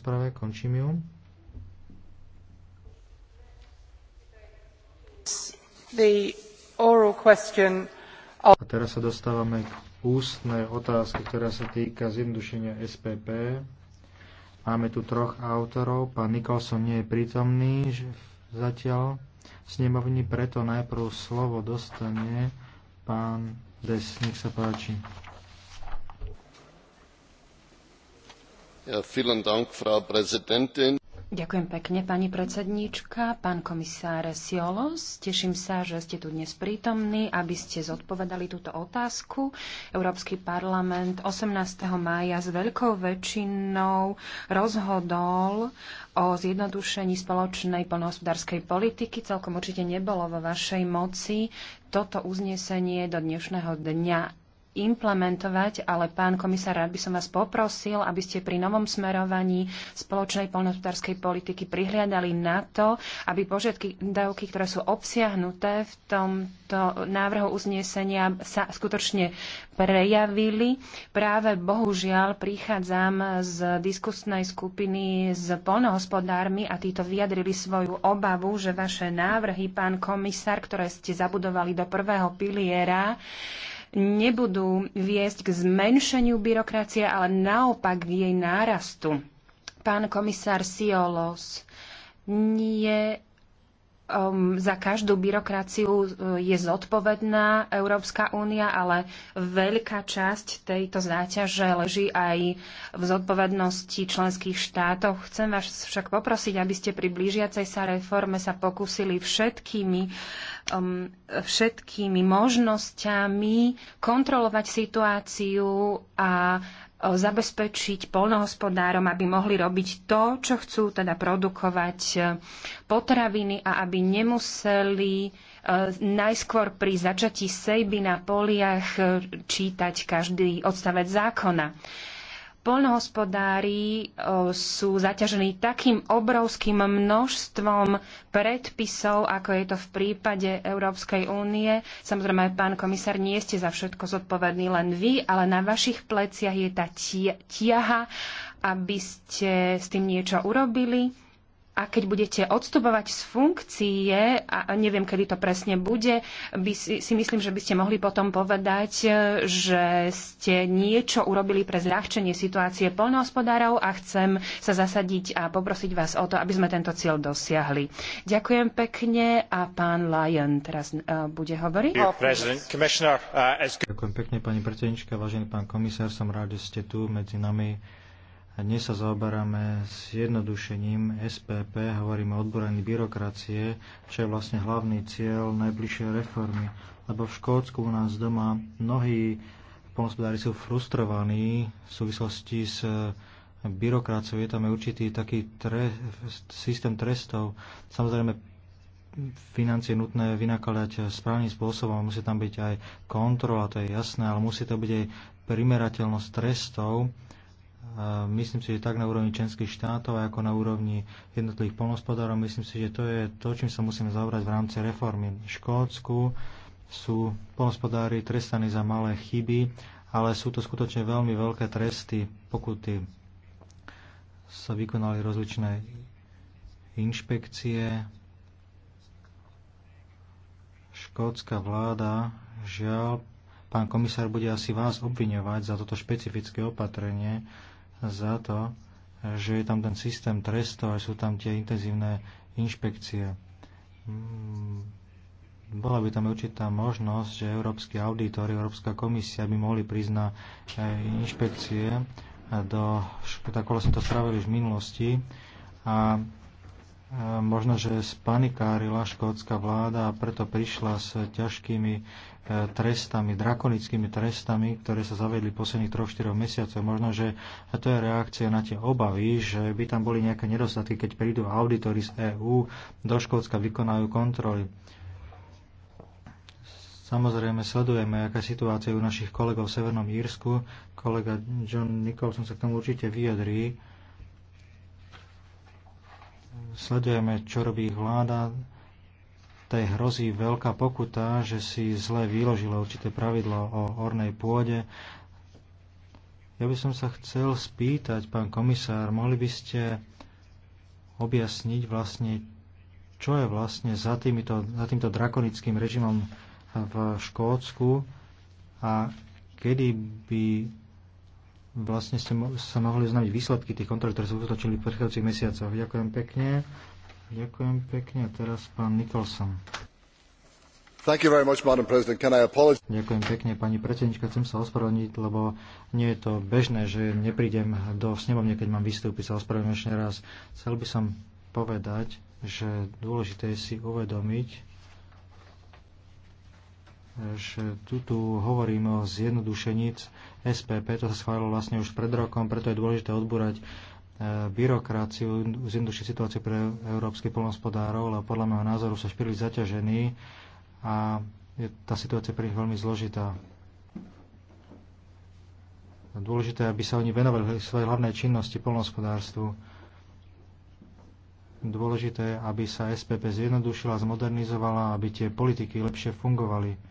rozprave, končím ju. A teraz sa dostávame k ústnej otázke, ktorá sa týka zjednodušenia SPP. Máme tu troch autorov. Pán Nikolson nie je prítomný že zatiaľ snemovni, preto najprv slovo dostane pán Des. Nech sa páči. Ďakujem pekne, pani predsedníčka, pán komisár Siolos. Teším sa, že ste tu dnes prítomní, aby ste zodpovedali túto otázku. Európsky parlament 18. mája s veľkou väčšinou rozhodol o zjednodušení spoločnej poľnohospodárskej politiky. Celkom určite nebolo vo vašej moci toto uznesenie do dnešného dňa implementovať, ale pán komisár, rád by som vás poprosil, aby ste pri novom smerovaní spoločnej poľnohospodárskej politiky prihliadali na to, aby požiadky dávky, ktoré sú obsiahnuté v tomto návrhu uznesenia, sa skutočne prejavili. Práve bohužiaľ prichádzam z diskusnej skupiny s poľnohospodármi a títo vyjadrili svoju obavu, že vaše návrhy, pán komisár, ktoré ste zabudovali do prvého piliera, nebudú viesť k zmenšeniu byrokracie, ale naopak k jej nárastu. Pán komisár Siolos, nie um, za každú byrokraciu uh, je zodpovedná Európska únia, ale veľká časť tejto záťaže leží aj v zodpovednosti členských štátov. Chcem vás však poprosiť, aby ste pri blížiacej sa reforme sa pokúsili všetkými, um, všetkými možnosťami kontrolovať situáciu a E, zabezpečiť polnohospodárom, aby mohli robiť to, čo chcú, teda produkovať e, potraviny a aby nemuseli e, najskôr pri začatí sejby na poliach čítať každý odstavec zákona. Polnohospodári sú zaťažení takým obrovským množstvom predpisov, ako je to v prípade Európskej únie. Samozrejme, pán komisár, nie ste za všetko zodpovední len vy, ale na vašich pleciach je tá tiaha, aby ste s tým niečo urobili a keď budete odstupovať z funkcie, a neviem, kedy to presne bude, by si, si myslím, že by ste mohli potom povedať, e, že ste niečo urobili pre zľahčenie situácie polnohospodárov a chcem sa zasadiť a poprosiť vás o to, aby sme tento cieľ dosiahli. Ďakujem pekne a pán Lyon teraz uh, bude hovoriť. Uh, Ďakujem pekne, pani predsednička, vážený pán komisár, som rád, že ste tu medzi nami dnes sa zaoberáme s jednodušením SPP, hovoríme o odborení byrokracie, čo je vlastne hlavný cieľ najbližšej reformy. Lebo v Škótsku u nás doma mnohí polnospodári sú frustrovaní v súvislosti s e, byrokraciou. Je tam určitý taký tre, systém trestov. Samozrejme, financie nutné vynakladať správnym spôsobom, musí tam byť aj kontrola, to je jasné, ale musí to byť aj primerateľnosť trestov, myslím si, že tak na úrovni členských štátov, ako na úrovni jednotlivých polnospodárov, myslím si, že to je to, čím sa musíme zaobrať v rámci reformy. V Škótsku sú polnospodári trestaní za malé chyby, ale sú to skutočne veľmi veľké tresty, pokuty sa vykonali rozličné inšpekcie. Škótska vláda, žiaľ, pán komisár bude asi vás obviňovať za toto špecifické opatrenie, za to, že je tam ten systém trestov a sú tam tie intenzívne inšpekcie. Mm, bola by tam určitá možnosť, že európsky auditor, Európska komisia by mohli prísť na e, inšpekcie do, tak ako sme vlastne to spravili už v minulosti a možno, že spanikárila škótska vláda a preto prišla s ťažkými e, trestami, drakonickými trestami, ktoré sa zavedli posledných 3-4 mesiacov. Možno, že to je reakcia na tie obavy, že by tam boli nejaké nedostatky, keď prídu auditory z EÚ, do Škótska vykonajú kontroly. Samozrejme sledujeme, aká situácia je u našich kolegov v Severnom Írsku. Kolega John Nicholson sa k tomu určite vyjadrí sledujeme, čo robí vláda, tej hrozí veľká pokuta, že si zle vyložila určité pravidlo o ornej pôde. Ja by som sa chcel spýtať, pán komisár, mohli by ste objasniť vlastne, čo je vlastne za, týmito, za týmto drakonickým režimom v Škótsku a kedy by vlastne ste mo- sa mohli oznámiť výsledky tých kontrol, ktoré sa uskutočnili v predchádzajúcich mesiacoch. Ďakujem pekne. Ďakujem pekne. A teraz pán Nicholson. Thank you very much, Madam President. Can I apologize? Ďakujem pekne, pani predsednička. Chcem sa ospravedlniť, lebo nie je to bežné, že neprídem do snemovne, keď mám vystúpiť. Sa ospravedlňujem ešte raz. Chcel by som povedať, že dôležité je si uvedomiť, že tu, hovoríme o zjednodušení SPP, to sa schválilo vlastne už pred rokom, preto je dôležité odbúrať e, byrokraciu, zjednodušiť situáciu pre európskych polnospodárov, lebo podľa môjho názoru sa špíli zaťažení a je tá situácia pre nich veľmi zložitá. Dôležité, aby sa oni venovali svojej hlavnej činnosti polnospodárstvu. Dôležité, aby sa SPP zjednodušila, zmodernizovala, aby tie politiky lepšie fungovali.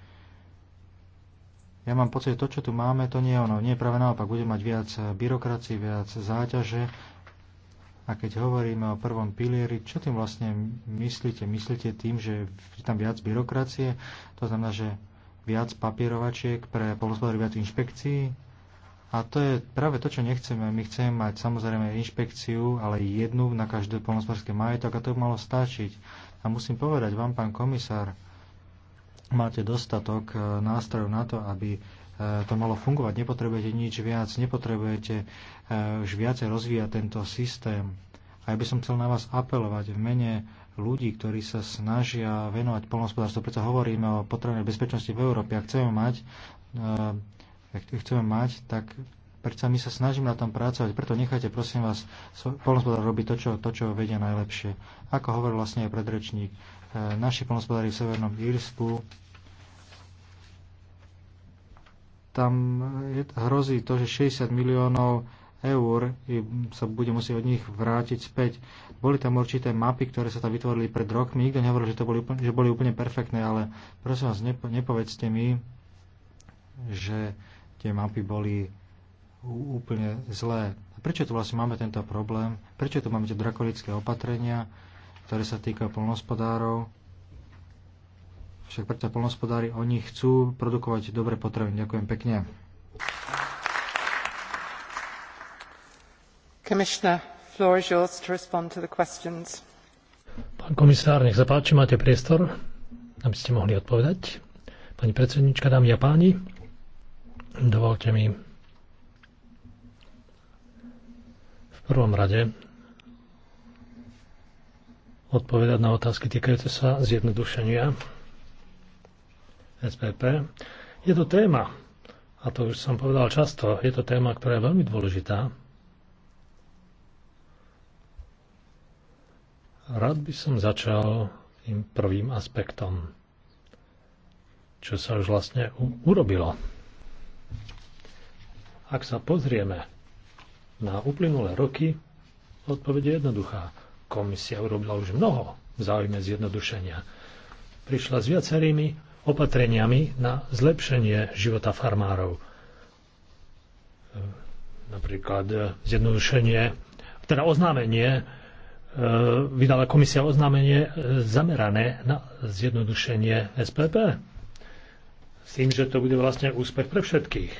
Ja mám pocit, že to, čo tu máme, to nie je ono. Nie, práve naopak, bude mať viac byrokracie, viac záťaže. A keď hovoríme o prvom pilieri, čo tým vlastne myslíte? Myslíte tým, že je tam viac byrokracie? To znamená, že viac papierovačiek pre polnospodárov, viac inšpekcií? A to je práve to, čo nechceme. My chceme mať samozrejme inšpekciu, ale jednu na každé polnospodárske majetok a to by malo stačiť. A musím povedať vám, pán komisár, máte dostatok e, nástrojov na to, aby e, to malo fungovať. Nepotrebujete nič viac, nepotrebujete e, už viacej rozvíjať tento systém. A ja by som chcel na vás apelovať v mene ľudí, ktorí sa snažia venovať polnohospodárstvo. Preto hovoríme o potrebnej bezpečnosti v Európe. Ak chceme mať, ak chceme mať tak predsa my sa snažíme na tom pracovať. Preto nechajte, prosím vás, polnohospodár robiť to čo, to, čo vedia najlepšie. Ako hovoril vlastne aj predrečník, naši polnospodári v Severnom Írsku, tam hrozí to, že 60 miliónov eur sa bude musieť od nich vrátiť späť. Boli tam určité mapy, ktoré sa tam vytvorili pred rokmi. Nikto nehovoril, že, to boli, že boli úplne perfektné, ale prosím vás, nepo, nepovedzte mi, že tie mapy boli úplne zlé. Prečo tu vlastne máme tento problém? Prečo tu máme tie drakonické opatrenia? ktoré sa týka polnospodárov. Však preto polnospodári, oni chcú produkovať dobre potraviny. Ďakujem pekne. Pán komisár, nech sa páči, máte priestor, aby ste mohli odpovedať. Pani predsednička, dámy a páni, dovolte mi v prvom rade odpovedať na otázky týkajúce sa zjednodušenia SPP. Je to téma, a to už som povedal často, je to téma, ktorá je veľmi dôležitá. Rád by som začal tým prvým aspektom, čo sa už vlastne urobilo. Ak sa pozrieme na uplynulé roky, odpoveď je jednoduchá. Komisia urobila už mnoho v záujme zjednodušenia. Prišla s viacerými opatreniami na zlepšenie života farmárov. Napríklad e, zjednodušenie, teda oznámenie, e, vydala komisia oznámenie e, zamerané na zjednodušenie SPP. S tým, že to bude vlastne úspech pre všetkých.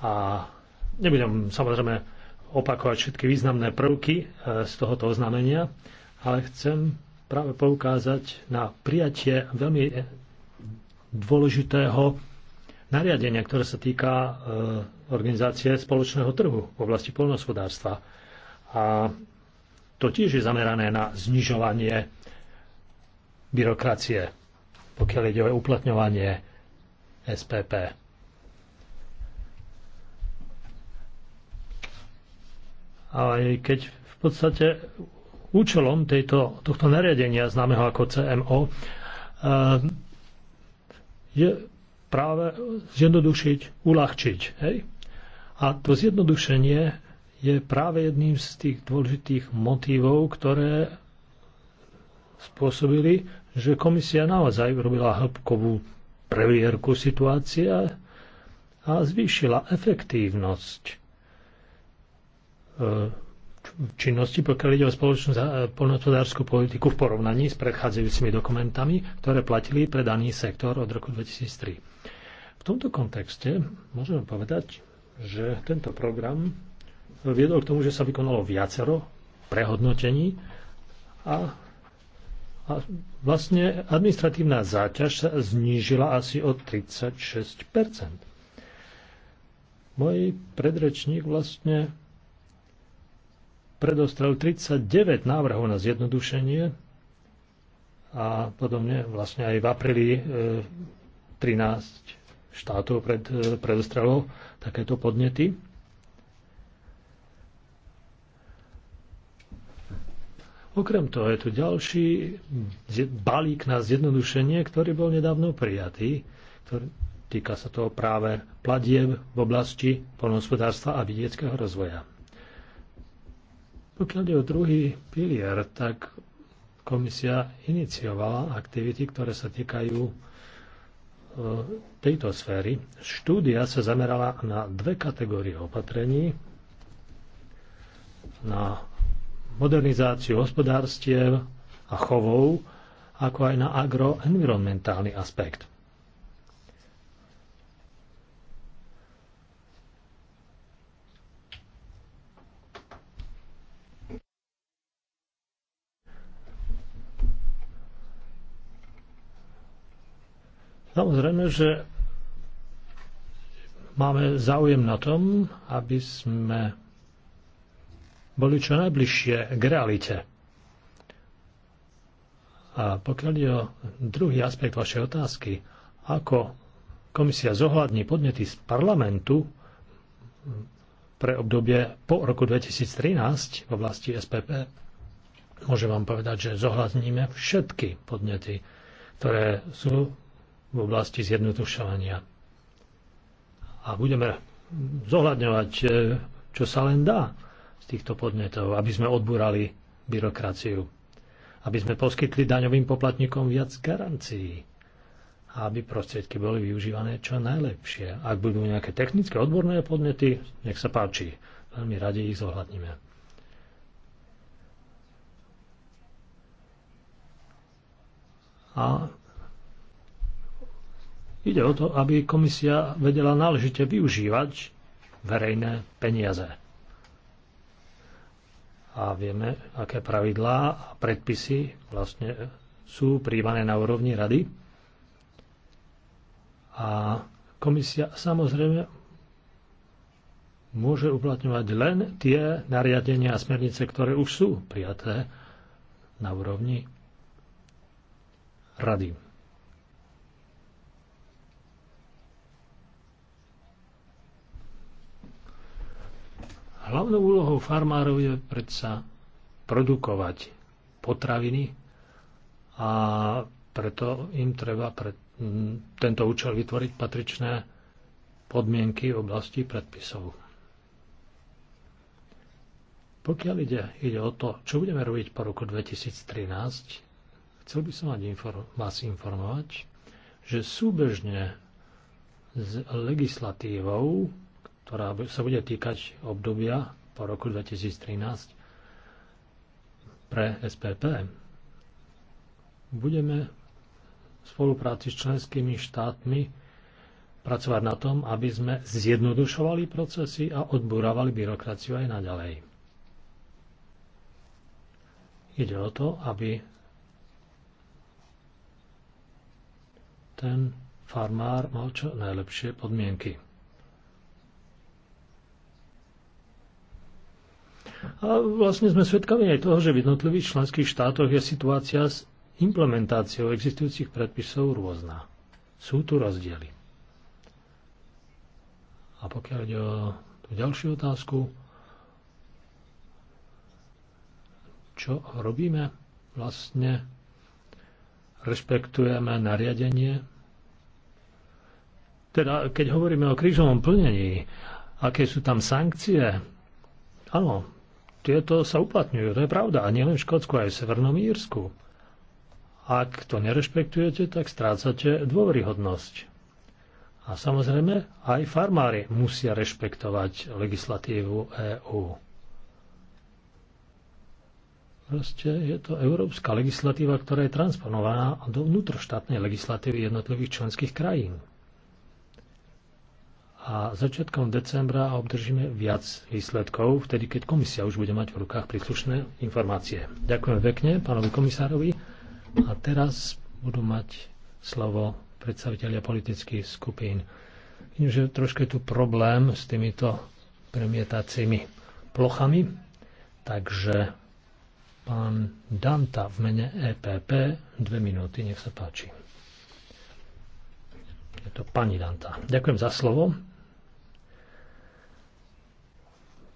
A nebudem samozrejme opakovať všetky významné prvky e, z tohoto oznámenia, ale chcem práve poukázať na prijatie veľmi dôležitého nariadenia, ktoré sa týka e, organizácie spoločného trhu v oblasti polnohospodárstva. A to tiež je zamerané na znižovanie byrokracie, pokiaľ ide o uplatňovanie SPP. aj keď v podstate účelom tejto, tohto nariadenia známeho ako CMO eh, je práve zjednodušiť, uľahčiť. Hej? A to zjednodušenie je práve jedným z tých dôležitých motívov, ktoré spôsobili, že komisia naozaj robila hĺbkovú previerku situácie a zvýšila efektívnosť E, činnosti, pokiaľ ide o spoločnú e, poľnohospodárskú politiku v porovnaní s predchádzajúcimi dokumentami, ktoré platili pre daný sektor od roku 2003. V tomto kontexte môžeme povedať, že tento program viedol k tomu, že sa vykonalo viacero prehodnotení a, a vlastne administratívna záťaž sa znížila asi o 36 Môj predrečník vlastne predostrel 39 návrhov na zjednodušenie a podobne vlastne aj v apríli 13 e, štátov pred, e, predostrelo takéto podnety. Okrem toho je tu ďalší balík na zjednodušenie, ktorý bol nedávno prijatý, ktorý týka sa toho práve platieb v oblasti polnohospodárstva a vidieckého rozvoja. Pokiaľ je o druhý pilier, tak komisia iniciovala aktivity, ktoré sa týkajú e, tejto sféry. Štúdia sa zamerala na dve kategórie opatrení. Na modernizáciu hospodárstiev a chovov, ako aj na agroenvironmentálny aspekt. Samozrejme, že máme záujem na tom, aby sme boli čo najbližšie k realite. A pokiaľ je o druhý aspekt vašej otázky, ako komisia zohľadní podnety z parlamentu pre obdobie po roku 2013 v oblasti SPP, môžem vám povedať, že zohľadníme všetky podnety, ktoré sú v oblasti zjednodušovania. A budeme zohľadňovať, e, čo sa len dá z týchto podnetov, aby sme odbúrali byrokraciu, aby sme poskytli daňovým poplatníkom viac garancií a aby prostriedky boli využívané čo najlepšie. Ak budú nejaké technické, odborné podnety, nech sa páči. Veľmi radi ich zohľadníme. A Ide o to, aby komisia vedela náležite využívať verejné peniaze. A vieme, aké pravidlá a predpisy vlastne sú príjmané na úrovni rady. A komisia samozrejme môže uplatňovať len tie nariadenia a smernice, ktoré už sú prijaté na úrovni rady. Hlavnou úlohou farmárov je predsa produkovať potraviny a preto im treba pre tento účel vytvoriť patričné podmienky v oblasti predpisov. Pokiaľ ide, ide o to, čo budeme robiť po roku 2013, chcel by som vás informovať, že súbežne s legislatívou ktorá sa bude týkať obdobia po roku 2013 pre SPP. Budeme v spolupráci s členskými štátmi pracovať na tom, aby sme zjednodušovali procesy a odburávali byrokraciu aj naďalej. Ide o to, aby ten farmár mal čo najlepšie podmienky. A vlastne sme svedkami aj toho, že v jednotlivých členských štátoch je situácia s implementáciou existujúcich predpisov rôzna. Sú tu rozdiely. A pokiaľ ide o tú ďalšiu otázku, čo robíme? Vlastne rešpektujeme nariadenie. Teda, keď hovoríme o krížovom plnení, aké sú tam sankcie, áno, tieto sa uplatňujú. To je pravda. A nielen v Škótsku, aj v Severnom Írsku. Ak to nerešpektujete, tak strácate dôveryhodnosť. A samozrejme, aj farmári musia rešpektovať legislatívu EÚ. Proste je to európska legislatíva, ktorá je transponovaná do vnútroštátnej legislatívy jednotlivých členských krajín a začiatkom decembra obdržíme viac výsledkov, vtedy keď komisia už bude mať v rukách príslušné informácie. Ďakujem pekne pánovi komisárovi a teraz budú mať slovo predstaviteľia politických skupín. Vidím, že trošku je tu problém s týmito premietacími plochami, takže pán Danta v mene EPP, dve minúty, nech sa páči. Je to pani Danta. Ďakujem za slovo.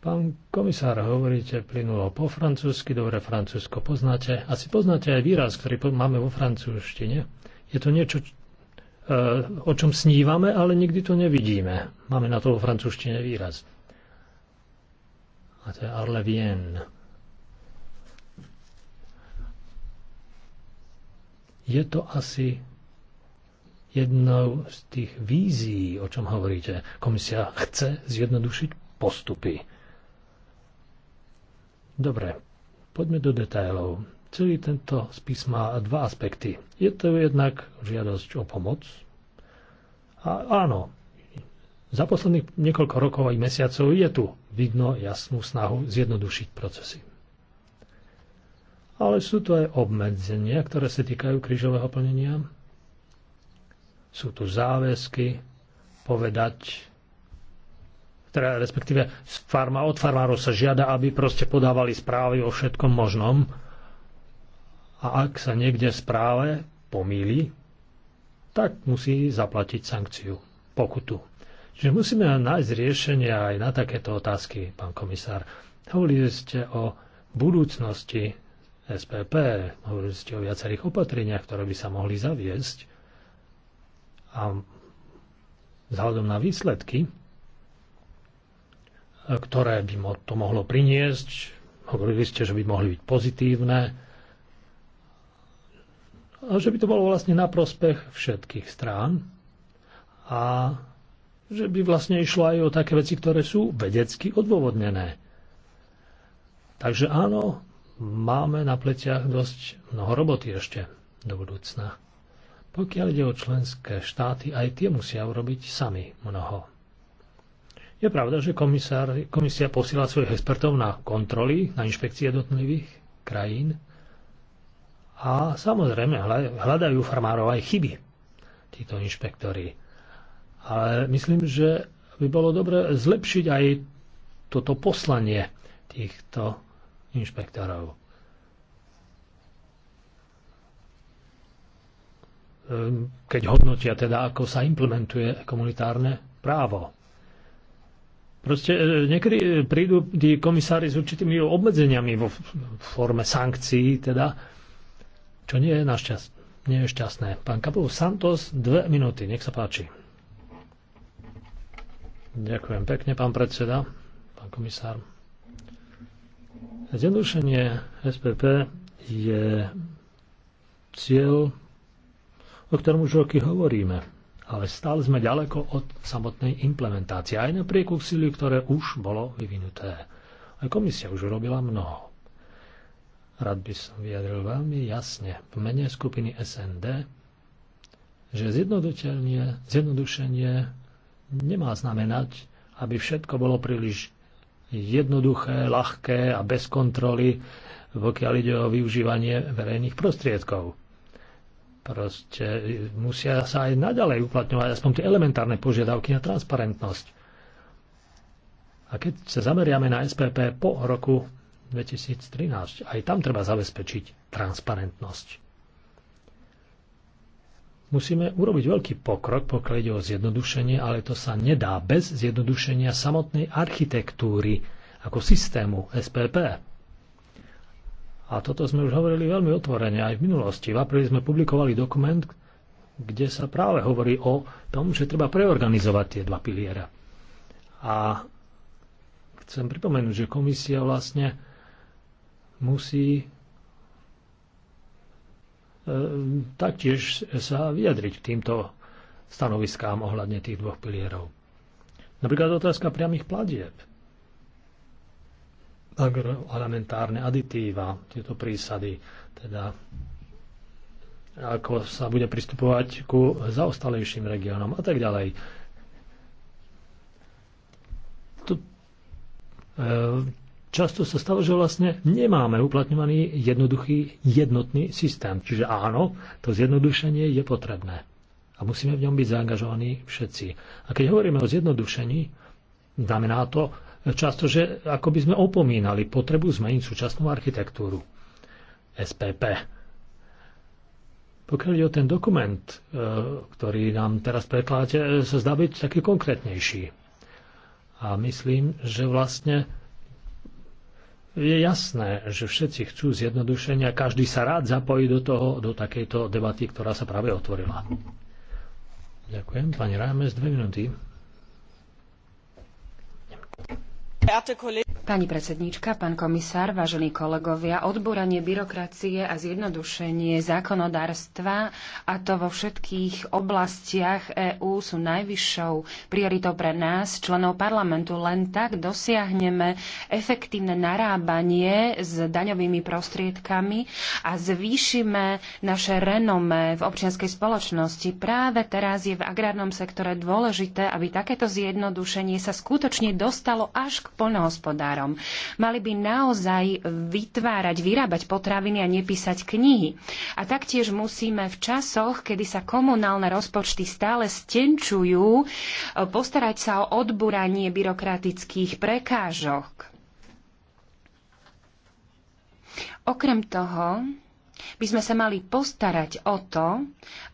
Pán komisár, hovoríte plynulo po francúzsky, dobre francúzsko poznáte. Asi poznáte aj výraz, ktorý máme vo francúzštine. Je to niečo, eh, o čom snívame, ale nikdy to nevidíme. Máme na to vo francúzštine výraz. A to je vien. Je to asi jednou z tých vízií, o čom hovoríte. Komisia chce zjednodušiť postupy Dobre, poďme do detajlov. Celý tento spis má dva aspekty. Je to jednak žiadosť o pomoc. A áno, za posledných niekoľko rokov aj mesiacov je tu vidno jasnú snahu zjednodušiť procesy. Ale sú tu aj obmedzenia, ktoré sa týkajú krížového plnenia. Sú tu záväzky povedať teda respektíve farma, od farmárov sa žiada, aby proste podávali správy o všetkom možnom. A ak sa niekde správe pomýli, tak musí zaplatiť sankciu, pokutu. Čiže musíme nájsť riešenie aj na takéto otázky, pán komisár. Hovorili ste o budúcnosti SPP, hovorili ste o viacerých opatreniach, ktoré by sa mohli zaviesť. A vzhľadom na výsledky, ktoré by to mohlo priniesť. Hovorili ste, že by mohli byť pozitívne a že by to bolo vlastne na prospech všetkých strán a že by vlastne išlo aj o také veci, ktoré sú vedecky odôvodnené. Takže áno, máme na pleciach dosť mnoho roboty ešte do budúcna. Pokiaľ ide o členské štáty, aj tie musia urobiť sami mnoho. Je pravda, že komisár, komisia posiela svojich expertov na kontroly, na inšpekcie jednotlivých krajín a samozrejme hľadajú farmárov aj chyby, títo inšpektori. Ale myslím, že by bolo dobre zlepšiť aj toto poslanie týchto inšpektorov. Ehm, keď hodnotia teda, ako sa implementuje komunitárne právo. Proste e, niekedy e, prídu tí komisári s určitými obmedzeniami vo forme sankcií, teda, čo nie je našťastné. Nie je šťastné. Pán Kapol Santos, dve minúty, nech sa páči. Ďakujem pekne, pán predseda, pán komisár. Zjednodušenie SPP je cieľ, o ktorom už roky hovoríme ale stále sme ďaleko od samotnej implementácie, aj napriek úsiliu, ktoré už bolo vyvinuté. Aj komisia už urobila mnoho. Rád by som vyjadril veľmi jasne v mene skupiny SND, že zjednodušenie nemá znamenať, aby všetko bolo príliš jednoduché, ľahké a bez kontroly, pokiaľ ide o využívanie verejných prostriedkov. Proste e, musia sa aj naďalej uplatňovať aspoň tie elementárne požiadavky na transparentnosť. A keď sa zameriame na SPP po roku 2013, aj tam treba zabezpečiť transparentnosť. Musíme urobiť veľký pokrok, pokiaľ ide o zjednodušenie, ale to sa nedá bez zjednodušenia samotnej architektúry ako systému SPP. A toto sme už hovorili veľmi otvorene aj v minulosti. V apríli sme publikovali dokument, kde sa práve hovorí o tom, že treba preorganizovať tie dva piliere. A chcem pripomenúť, že komisia vlastne musí e, taktiež sa vyjadriť k týmto stanoviskám ohľadne tých dvoch pilierov. Napríklad otázka priamých platieb agroalimentárne aditíva, tieto prísady, teda ako sa bude pristupovať ku zaostalejším regiónom a tak ďalej. Tu, e, často sa stalo, že vlastne nemáme uplatňovaný jednoduchý jednotný systém. Čiže áno, to zjednodušenie je potrebné. A musíme v ňom byť zaangažovaní všetci. A keď hovoríme o zjednodušení, znamená to často, že ako by sme opomínali potrebu zmeniť súčasnú architektúru SPP. Pokiaľ je o ten dokument, e, ktorý nám teraz prekladáte, e, sa zdá byť taký konkrétnejší. A myslím, že vlastne je jasné, že všetci chcú zjednodušenia, každý sa rád zapojí do toho, do takejto debaty, ktorá sa práve otvorila. Ďakujem. Pani Rámez, dve minúty. verehrte kollegin! Pani predsedníčka, pán komisár, vážení kolegovia, odboranie byrokracie a zjednodušenie zákonodárstva, a to vo všetkých oblastiach EÚ, sú najvyššou prioritou pre nás, členov parlamentu. Len tak dosiahneme efektívne narábanie s daňovými prostriedkami a zvýšime naše renome v občianskej spoločnosti. Práve teraz je v agrárnom sektore dôležité, aby takéto zjednodušenie sa skutočne dostalo až k poľnohospodárom smerom. Mali by naozaj vytvárať, vyrábať potraviny a nepísať knihy. A taktiež musíme v časoch, kedy sa komunálne rozpočty stále stenčujú, e, postarať sa o odburanie byrokratických prekážok. Okrem toho, by sme sa mali postarať o to,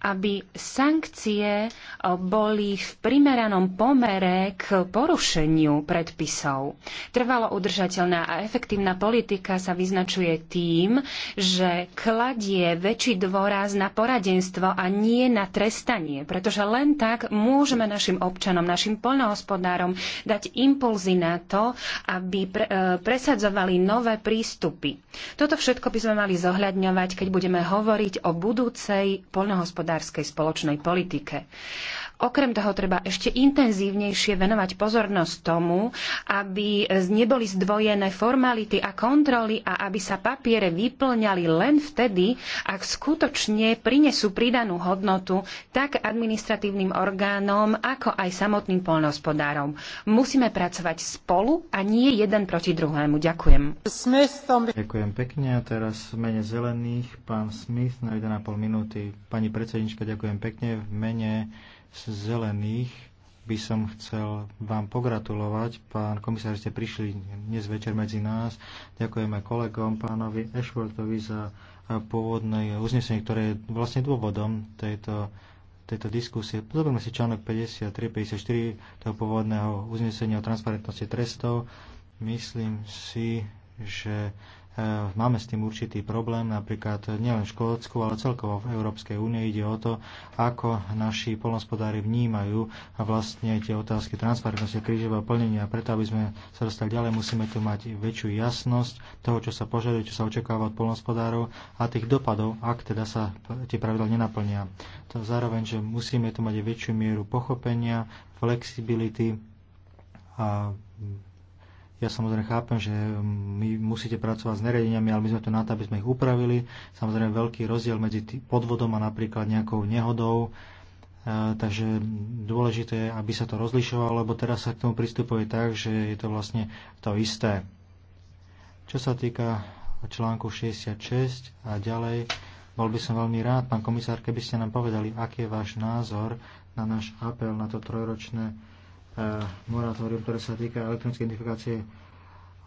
aby sankcie eh, boli v primeranom pomere k porušeniu predpisov. Trvalo udržateľná a efektívna politika sa vyznačuje tým, že kladie väčší dôraz na poradenstvo a nie na trestanie, pretože len tak môžeme našim občanom, našim poľnohospodárom dať impulzy na to, aby pre, eh, presadzovali nové prístupy. Toto všetko by sme mali zohľadňovať keď budeme hovoriť o budúcej poľnohospodárskej spoločnej politike. Okrem toho treba ešte intenzívnejšie venovať pozornosť tomu, aby neboli zdvojené formality a kontroly a aby sa papiere vyplňali len vtedy, ak skutočne prinesú pridanú hodnotu tak administratívnym orgánom, ako aj samotným polnohospodárom. Musíme pracovať spolu a nie jeden proti druhému. Ďakujem. Ďakujem pekne a teraz v mene zelených pán Smith na 1,5 minúty. Pani predsednička, ďakujem pekne v mene zelených by som chcel vám pogratulovať. Pán komisár, že ste prišli dnes večer medzi nás. Ďakujeme kolegom, pánovi Ashworthovi za pôvodné uznesenie, ktoré je vlastne dôvodom tejto, tejto diskusie. Zoberme si článok 53-54 toho pôvodného uznesenia o transparentnosti trestov. Myslím si, že Eh, máme s tým určitý problém, napríklad nielen v Škótsku, ale celkovo v Európskej únie ide o to, ako naši polnospodári vnímajú a vlastne tie otázky transparentnosti krížového plnenia. Preto, aby sme sa dostali ďalej, musíme tu mať väčšiu jasnosť toho, čo sa požaduje, čo sa očakáva od polnospodárov a tých dopadov, ak teda sa tie pravidla nenaplnia. To zároveň, že musíme tu mať aj väčšiu mieru pochopenia, flexibility a ja samozrejme chápem, že my musíte pracovať s nariadeniami, ale my sme to na to, aby sme ich upravili. Samozrejme veľký rozdiel medzi podvodom a napríklad nejakou nehodou. E, takže dôležité je, aby sa to rozlišovalo, lebo teraz sa k tomu pristupuje tak, že je to vlastne to isté. Čo sa týka článku 66 a ďalej, bol by som veľmi rád, pán komisár, keby ste nám povedali, aký je váš názor na náš apel na to trojročné moratórium, ktoré sa týka elektronické identifikácie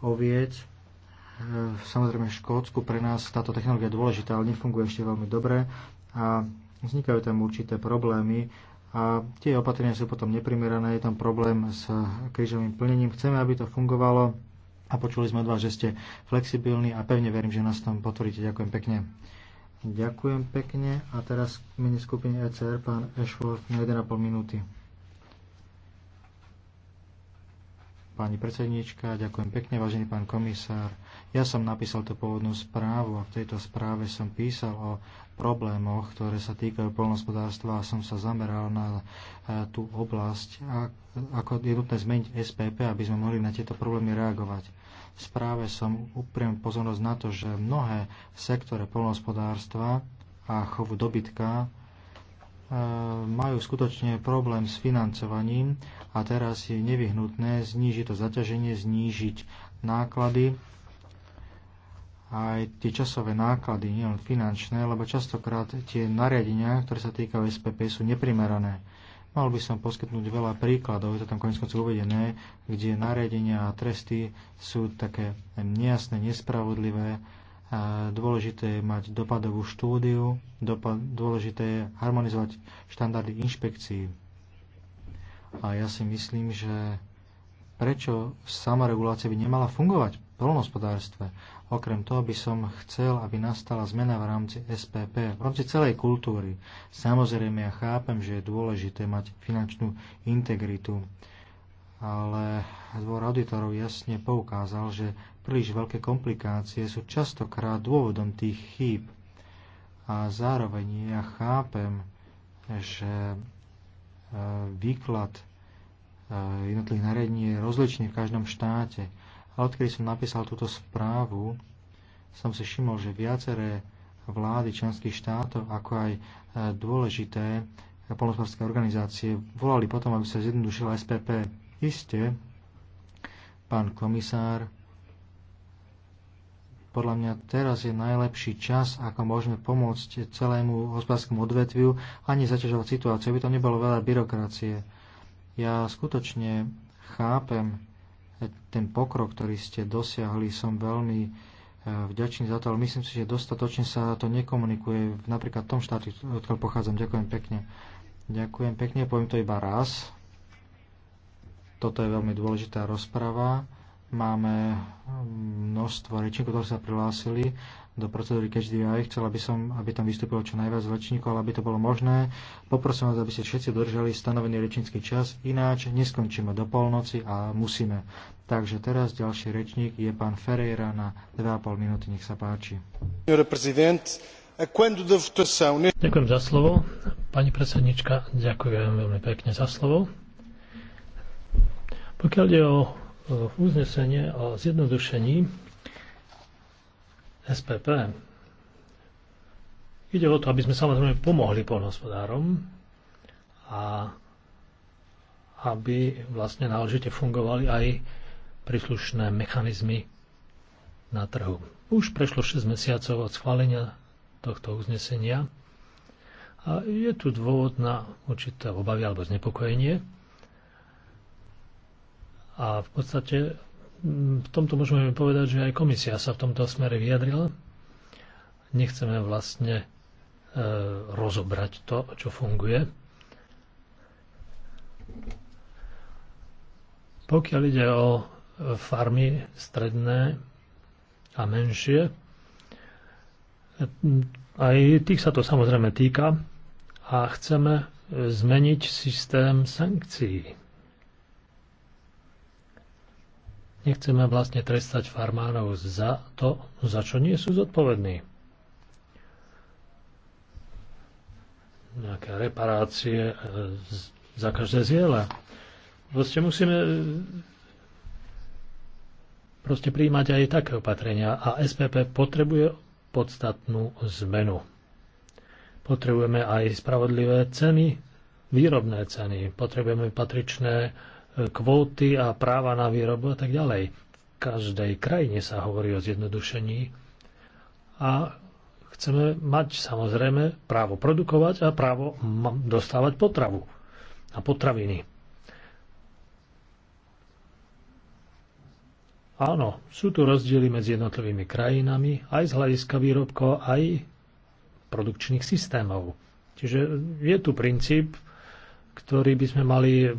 oviec. E, samozrejme v Škótsku pre nás táto technológia je dôležitá, ale nefunguje ešte veľmi dobre a vznikajú tam určité problémy a tie opatrenia sú potom neprimerané, je tam problém s krížovým plnením. Chceme, aby to fungovalo a počuli sme od vás, že ste flexibilní a pevne verím, že nás tam potvoríte. Ďakujem pekne. Ďakujem pekne a teraz mene skupiny ECR pán Ashworth na 1,5 minúty. pani predsedníčka, ďakujem pekne, vážený pán komisár. Ja som napísal tú pôvodnú správu a v tejto správe som písal o problémoch, ktoré sa týkajú polnospodárstva a som sa zameral na e, tú oblasť, ako je nutné zmeniť SPP, aby sme mohli na tieto problémy reagovať. V správe som upriem pozornosť na to, že mnohé sektore polnospodárstva a chovu dobytka e, majú skutočne problém s financovaním a teraz je nevyhnutné znížiť to zaťaženie, znížiť náklady aj tie časové náklady, nielen finančné, lebo častokrát tie nariadenia, ktoré sa týkajú SPP, sú neprimerané. Mal by som poskytnúť veľa príkladov, je to tam konec koncov uvedené, kde nariadenia a tresty sú také nejasné, nespravodlivé. Dôležité je mať dopadovú štúdiu, dôležité je harmonizovať štandardy inšpekcií. A ja si myslím, že prečo samoregulácia by nemala fungovať v plnohospodárstve. Okrem toho by som chcel, aby nastala zmena v rámci SPP, v rámci celej kultúry. Samozrejme, ja chápem, že je dôležité mať finančnú integritu, ale dvor auditorov jasne poukázal, že príliš veľké komplikácie sú častokrát dôvodom tých chýb. A zároveň ja chápem, že výklad jednotlivých nariadení je rozličný v každom štáte. A odkedy som napísal túto správu, som si všimol, že viaceré vlády členských štátov, ako aj dôležité polnospodárske organizácie volali potom, aby sa zjednodušila SPP. Isté, pán komisár, podľa mňa teraz je najlepší čas, ako môžeme pomôcť celému hospodárskému odvetviu a nezaťažovať situáciu, aby tam nebolo veľa byrokracie. Ja skutočne chápem ten pokrok, ktorý ste dosiahli. Som veľmi eh, vďačný za to, ale myslím si, že dostatočne sa to nekomunikuje napríklad v tom štáte, odkiaľ pochádzam. Ďakujem pekne. Ďakujem pekne, poviem to iba raz. Toto je veľmi dôležitá rozprava Máme mm, množstvo rečníkov, ktorí sa prihlásili do procedúry Catch the Eye. Chcela by som, aby tam vystúpilo čo najviac rečníkov, ale aby to bolo možné. Poprosím vás, aby ste všetci držali stanovený rečnícky čas, ináč neskončíme do polnoci a musíme. Takže teraz ďalší rečník je pán Ferreira na 2,5 minúty. Nech sa páči. Ďakujem za slovo. Pani predsednička, ďakujem veľmi pekne za slovo. Pokiaľ je o v uznesenie o zjednodušení SPP. Ide o to, aby sme samozrejme pomohli polnohospodárom a aby vlastne náležite fungovali aj príslušné mechanizmy na trhu. Už prešlo 6 mesiacov od schválenia tohto uznesenia a je tu dôvod na určité obavy alebo znepokojenie a v podstate mm, v tomto môžeme povedať, že aj komisia sa v tomto smere vyjadrila. Nechceme vlastne e, rozobrať to, čo funguje. Pokiaľ ide o farmy stredné a menšie, aj tých sa to samozrejme týka a chceme zmeniť systém sankcií nechceme vlastne trestať farmárov za to, za čo nie sú zodpovední. Nejaké reparácie e, za každé zviela. Proste musíme e, proste príjmať aj také opatrenia a SPP potrebuje podstatnú zmenu. Potrebujeme aj spravodlivé ceny, výrobné ceny, potrebujeme patričné kvóty a práva na výrobu a tak ďalej. V každej krajine sa hovorí o zjednodušení a chceme mať samozrejme právo produkovať a právo dostávať potravu a potraviny. Áno, sú tu rozdiely medzi jednotlivými krajinami aj z hľadiska výrobkov, aj produkčných systémov. Čiže je tu princíp, ktorý by sme mali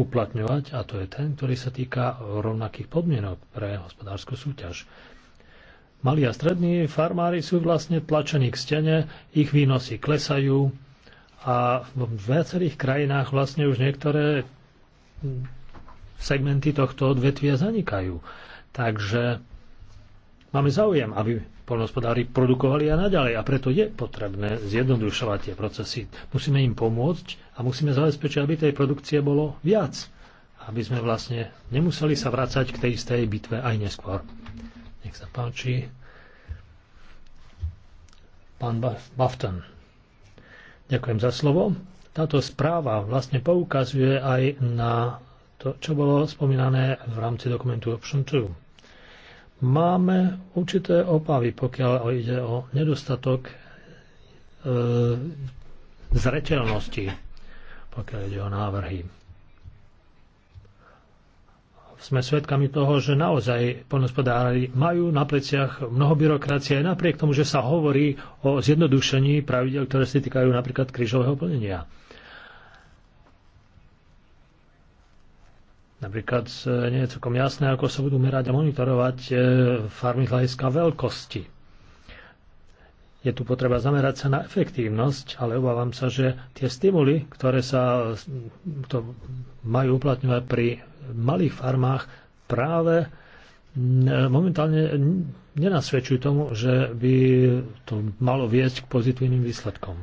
uplatňovať, a to je ten, ktorý sa týka rovnakých podmienok pre hospodárskú súťaž. Malí a strední farmári sú vlastne tlačení k stene, ich výnosy klesajú a v viacerých krajinách vlastne už niektoré segmenty tohto odvetvia zanikajú. Takže máme záujem, aby polnospodári produkovali a naďalej. A preto je potrebné zjednodušovať tie procesy. Musíme im pomôcť a musíme zabezpečiť, aby tej produkcie bolo viac. Aby sme vlastne nemuseli sa vrácať k tej istej bitve aj neskôr. Nech sa páči. Pán Bafton. Ďakujem za slovo. Táto správa vlastne poukazuje aj na to, čo bolo spomínané v rámci dokumentu Option 2 máme určité obavy, pokiaľ ide o nedostatok e, zreteľnosti, pokiaľ ide o návrhy. Sme svedkami toho, že naozaj poľnospodári majú na pleciach mnoho byrokracie, aj napriek tomu, že sa hovorí o zjednodušení pravidel, ktoré sa týkajú napríklad krížového plnenia. Napríklad e, nie je celkom jasné, ako sa budú merať a monitorovať e, farmy hľadiska veľkosti. Je tu potreba zamerať sa na efektívnosť, ale obávam sa, že tie stimuly, ktoré sa to majú uplatňovať pri malých farmách, práve e, momentálne nenasvedčujú tomu, že by to malo viesť k pozitívnym výsledkom.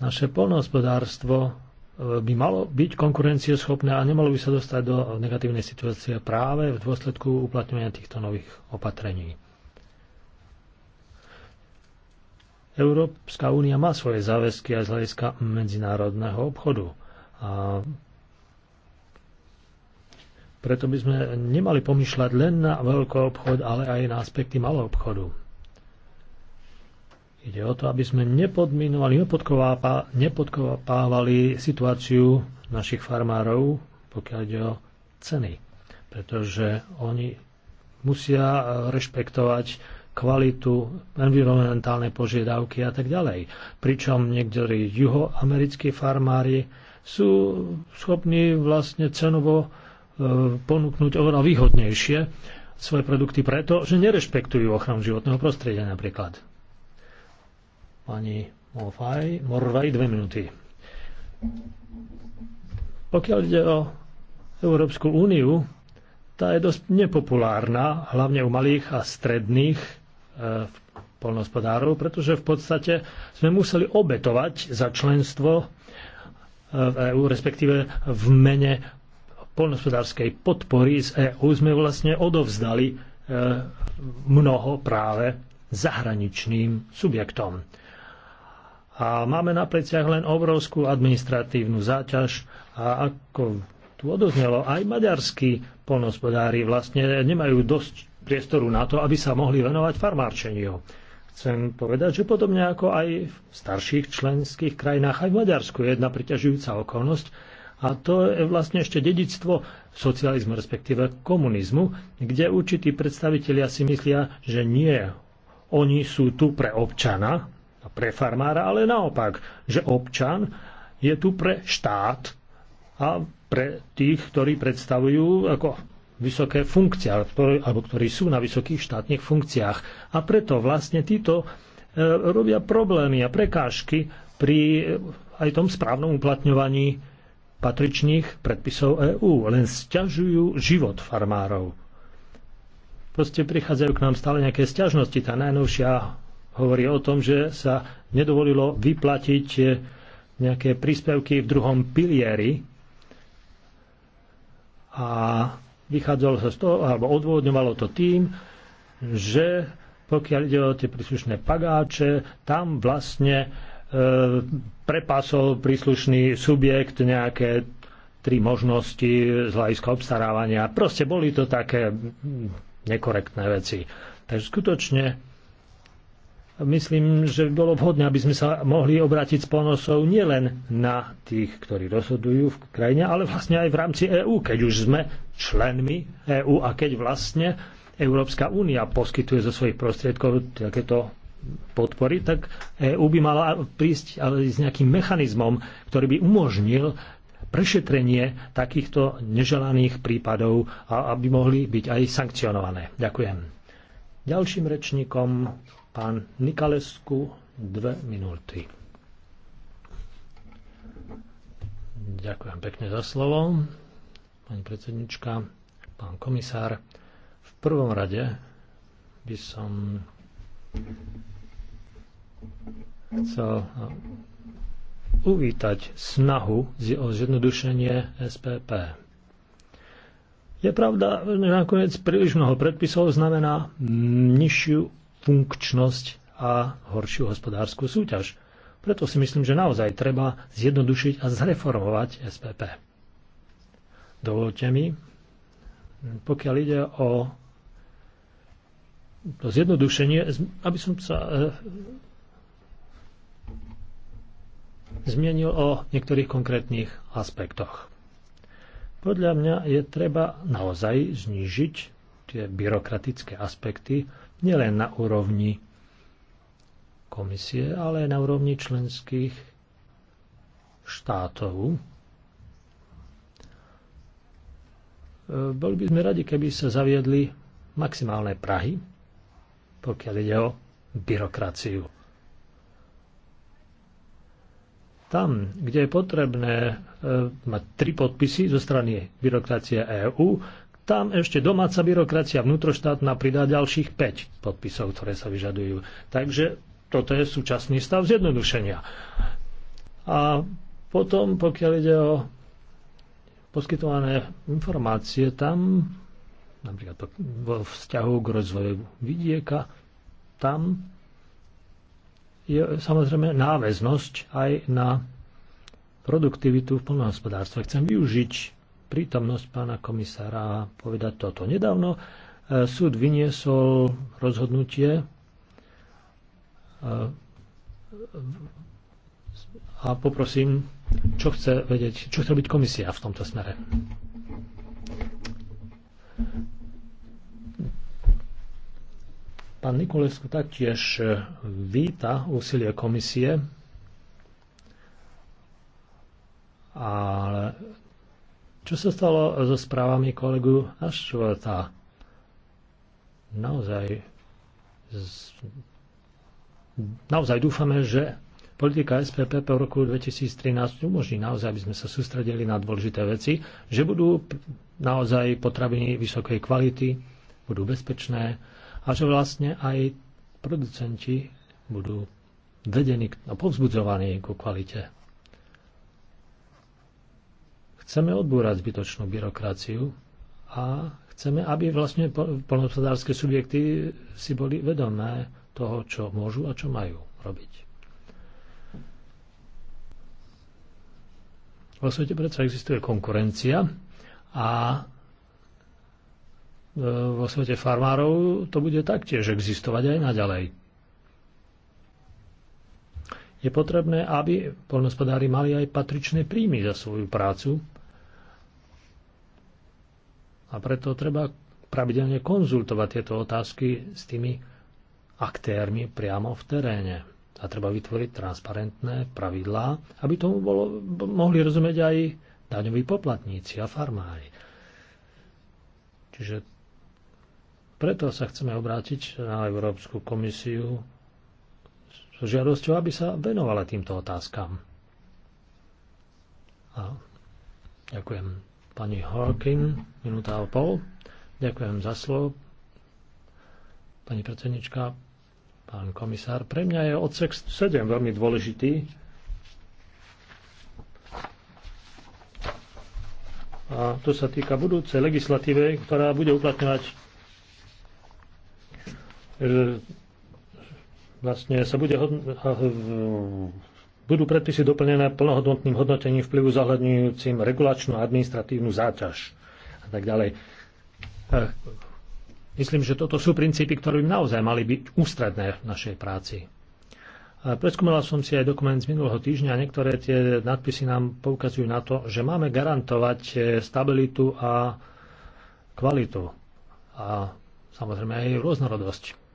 Naše polnohospodárstvo by malo byť konkurencieschopné a nemalo by sa dostať do negatívnej situácie práve v dôsledku uplatňovania týchto nových opatrení. Európska únia má svoje záväzky aj z hľadiska medzinárodného obchodu. A preto by sme nemali pomýšľať len na veľký obchod, ale aj na aspekty malého obchodu. Ide o to, aby sme nepodminovali, nepodkovávali situáciu našich farmárov, pokiaľ ide o ceny. Pretože oni musia e, rešpektovať kvalitu environmentálnej požiadavky a tak ďalej. Pričom niektorí juhoamerickí farmári sú schopní vlastne cenovo e, ponúknuť oveľa výhodnejšie svoje produkty preto, že nerešpektujú ochranu životného prostredia napríklad. Pani Morvaj, Morvaj, dve minúty. Pokiaľ ide o Európsku úniu, tá je dosť nepopulárna, hlavne u malých a stredných e, polnospodárov, pretože v podstate sme museli obetovať za členstvo e, v EÚ, respektíve v mene polnospodárskej podpory z EÚ sme vlastne odovzdali e, mnoho práve zahraničným subjektom a máme na pleciach len obrovskú administratívnu záťaž a ako tu odoznelo, aj maďarskí polnospodári vlastne nemajú dosť priestoru na to, aby sa mohli venovať farmárčeniu. Chcem povedať, že podobne ako aj v starších členských krajinách, aj v Maďarsku je jedna priťažujúca okolnosť, a to je vlastne ešte dedictvo socializmu, respektíve komunizmu, kde určití predstavitelia si myslia, že nie, oni sú tu pre občana, pre farmára, ale naopak, že občan je tu pre štát a pre tých, ktorí predstavujú ako vysoké funkcie, alebo ktorí sú na vysokých štátnych funkciách. A preto vlastne títo e, robia problémy a prekážky pri e, aj tom správnom uplatňovaní patričných predpisov EÚ. Len sťažujú život farmárov. Proste prichádzajú k nám stále nejaké sťažnosti. Tá najnovšia hovorí o tom, že sa nedovolilo vyplatiť eh, nejaké príspevky v druhom pilieri a vychádzalo sa z toho, alebo odvodňovalo to tým, že pokiaľ ide o tie príslušné pagáče, tam vlastne e, prepasol príslušný subjekt nejaké tri možnosti z hľadiska obstarávania. Proste boli to také nekorektné veci. Takže skutočne myslím, že by bolo vhodné, aby sme sa mohli obrátiť s ponosou nielen na tých, ktorí rozhodujú v krajine, ale vlastne aj v rámci EÚ, keď už sme členmi EÚ a keď vlastne Európska únia poskytuje zo svojich prostriedkov takéto podpory, tak EÚ by mala prísť ale s nejakým mechanizmom, ktorý by umožnil prešetrenie takýchto neželaných prípadov a aby mohli byť aj sankcionované. Ďakujem. Ďalším rečníkom pán Nikalesku dve minúty. Ďakujem pekne za slovo, pani predsednička, pán komisár. V prvom rade by som chcel uvítať snahu o zjednodušenie SPP je pravda, že nakoniec príliš mnoho predpisov znamená nižšiu funkčnosť a horšiu hospodárskú súťaž. Preto si myslím, že naozaj treba zjednodušiť a zreformovať SPP. Dovolte mi, pokiaľ ide o to zjednodušenie, aby som sa e, zmienil o niektorých konkrétnych aspektoch. Podľa mňa je treba naozaj znížiť tie byrokratické aspekty nielen na úrovni komisie, ale aj na úrovni členských štátov. E, Boli by sme radi, keby sa zaviedli maximálne Prahy, pokiaľ ide o byrokraciu. tam, kde je potrebné e, mať tri podpisy zo strany byrokracie EÚ, tam ešte domáca byrokracia vnútroštátna pridá ďalších 5 podpisov, ktoré sa vyžadujú. Takže toto je súčasný stav zjednodušenia. A potom, pokiaľ ide o poskytované informácie, tam napríklad vo vzťahu k rozvoju vidieka, tam je samozrejme náväznosť aj na produktivitu v plnohospodárstve. Chcem využiť prítomnosť pána komisára a povedať toto. Nedávno e, súd vyniesol rozhodnutie e, a poprosím, čo chce vedieť, čo chce robiť komisia v tomto smere. Pán Nikolesku taktiež e, víta úsilie komisie, ale čo sa stalo so správami kolegu Ašvota? Naozaj, naozaj dúfame, že politika SPP po roku 2013 umožní naozaj, aby sme sa sústredili na dôležité veci, že budú naozaj potraviny vysokej kvality, budú bezpečné a že vlastne aj producenti budú vedení a povzbudzovaní ku kvalite. Chceme odbúrať zbytočnú byrokraciu a chceme, aby vlastne polnohospodárske subjekty si boli vedomé toho, čo môžu a čo majú robiť. Vo svete predsa existuje konkurencia a E, vo svete farmárov to bude taktiež existovať aj naďalej. Je potrebné, aby poľnospodári mali aj patričné príjmy za svoju prácu a preto treba pravidelne konzultovať tieto otázky s tými aktérmi priamo v teréne. A treba vytvoriť transparentné pravidlá, aby tomu bolo, mohli rozumieť aj daňoví poplatníci a farmári. Čiže preto sa chceme obrátiť na Európsku komisiu s žiadosťou, aby sa venovala týmto otázkam. A ďakujem pani Horkin, minúta a pol. Ďakujem za slovo. Pani predsednička, pán komisár, pre mňa je odsek 7 veľmi dôležitý. A to sa týka budúcej legislatívy, ktorá bude uplatňovať E, vlastne sa bude budú predpisy doplnené plnohodnotným hodnotením vplyvu zahľadňujúcim regulačnú a administratívnu záťaž a tak ďalej. E, myslím, že toto sú princípy, ktoré by naozaj mali byť ústredné v našej práci. Preskúmala som si aj dokument z minulého týždňa a niektoré tie nadpisy nám poukazujú na to, že máme garantovať e, stabilitu a kvalitu a samozrejme aj rôznorodosť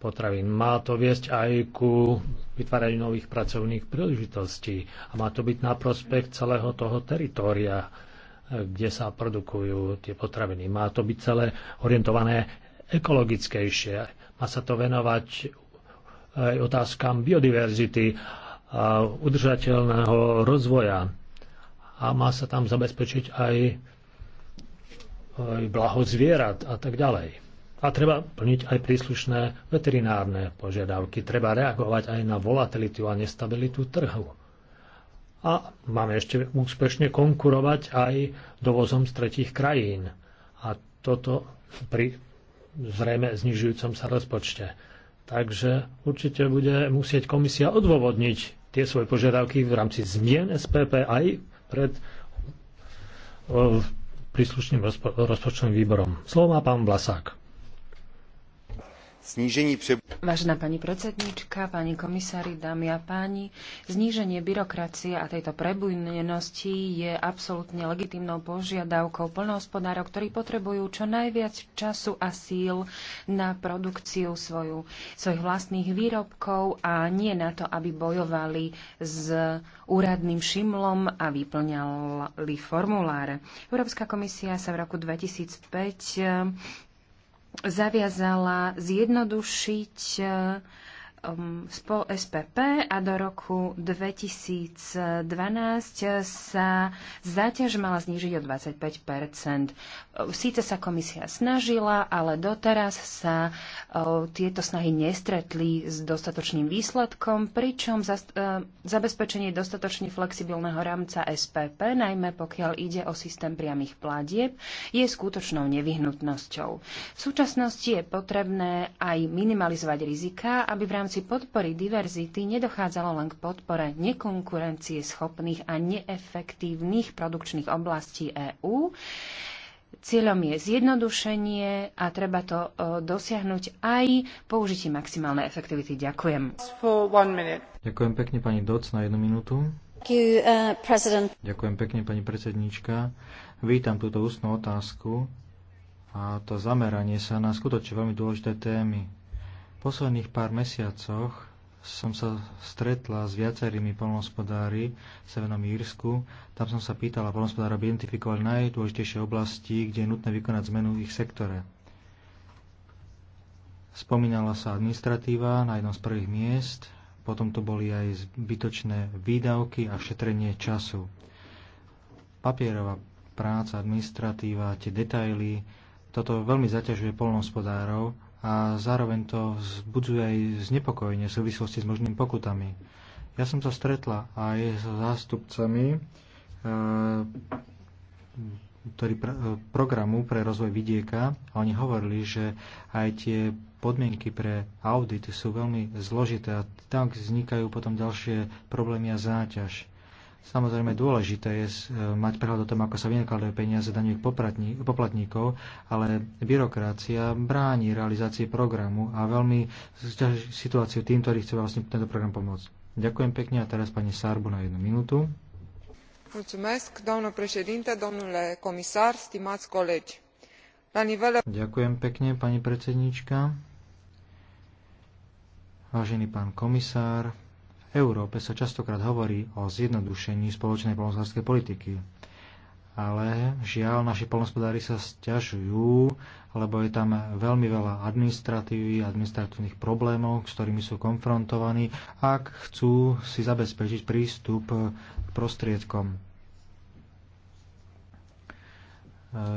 potravín. Má to viesť aj ku vytváraniu nových pracovných príležitostí a má to byť na prospech celého toho teritória, kde sa produkujú tie potraviny. Má to byť celé orientované ekologickejšie. Má sa to venovať aj otázkam biodiverzity a udržateľného rozvoja. A má sa tam zabezpečiť aj, aj blaho zvierat a tak ďalej. A treba plniť aj príslušné veterinárne požiadavky. Treba reagovať aj na volatilitu a nestabilitu trhu. A máme ešte úspešne konkurovať aj dovozom z tretich krajín. A toto pri zrejme znižujúcom sa rozpočte. Takže určite bude musieť komisia odôvodniť tie svoje požiadavky v rámci zmien SPP aj pred príslušným rozpo- rozpočtovým výborom. Slovo má pán Vlasák. Snížení pre... Vážená pani predsedníčka, pani komisári, dámy a páni, zníženie byrokracie a tejto prebujnenosti je absolútne legitimnou požiadavkou plnohospodárov, ktorí potrebujú čo najviac času a síl na produkciu svoju, svojich vlastných výrobkov a nie na to, aby bojovali s úradným šimlom a vyplňali formuláre. Európska komisia sa v roku 2005 zaviazala zjednodušiť Um, spol SPP a do roku 2012 sa záťaž mala znížiť o 25 uh, Síce sa komisia snažila, ale doteraz sa uh, tieto snahy nestretli s dostatočným výsledkom, pričom uh, zabezpečenie dostatočne flexibilného rámca SPP, najmä pokiaľ ide o systém priamých platieb, je skutočnou nevyhnutnosťou. V súčasnosti je potrebné aj minimalizovať rizika, aby v rámci rámci podpory diverzity nedochádzalo len k podpore nekonkurencie schopných a neefektívnych produkčných oblastí EÚ. Cieľom je zjednodušenie a treba to e, dosiahnuť aj použití maximálnej efektivity. Ďakujem. Ďakujem pekne pani Doc na jednu minútu. Uh, Ďakujem pekne pani predsednička. Vítam túto ústnú otázku a to zameranie sa na skutočne veľmi dôležité témy posledných pár mesiacoch som sa stretla s viacerými poľnohospodári v Severnom Írsku. Tam som sa pýtala polnohospodárov, aby identifikovali najdôležitejšie oblasti, kde je nutné vykonať zmenu v ich sektore. Spomínala sa administratíva na jednom z prvých miest, potom to boli aj zbytočné výdavky a šetrenie času. Papierová práca, administratíva, tie detaily, toto veľmi zaťažuje poľnohospodárov a zároveň to vzbudzuje aj znepokojenie v súvislosti s možnými pokutami. Ja som sa stretla aj s zástupcami e, ktorý pr- e, programu pre rozvoj vidieka a oni hovorili, že aj tie podmienky pre audit sú veľmi zložité a tam vznikajú potom ďalšie problémy a záťaž. Samozrejme dôležité je e, mať prehľad o tom, ako sa vynakladajú peniaze daných poplatníkov, ale byrokracia bráni realizácii programu a veľmi zťaží situáciu tým, ktorí chce vlastne tento program pomôcť. Ďakujem pekne a teraz pani Sarbu na jednu minútu. Ďakujem pekne, pani predsednička. Vážený pán komisár, Európe sa častokrát hovorí o zjednodušení spoločnej polnospodárskej politiky. Ale žiaľ, naši polnospodári sa stiažujú, lebo je tam veľmi veľa administratívy, administratívnych problémov, s ktorými sú konfrontovaní, ak chcú si zabezpečiť prístup k prostriedkom.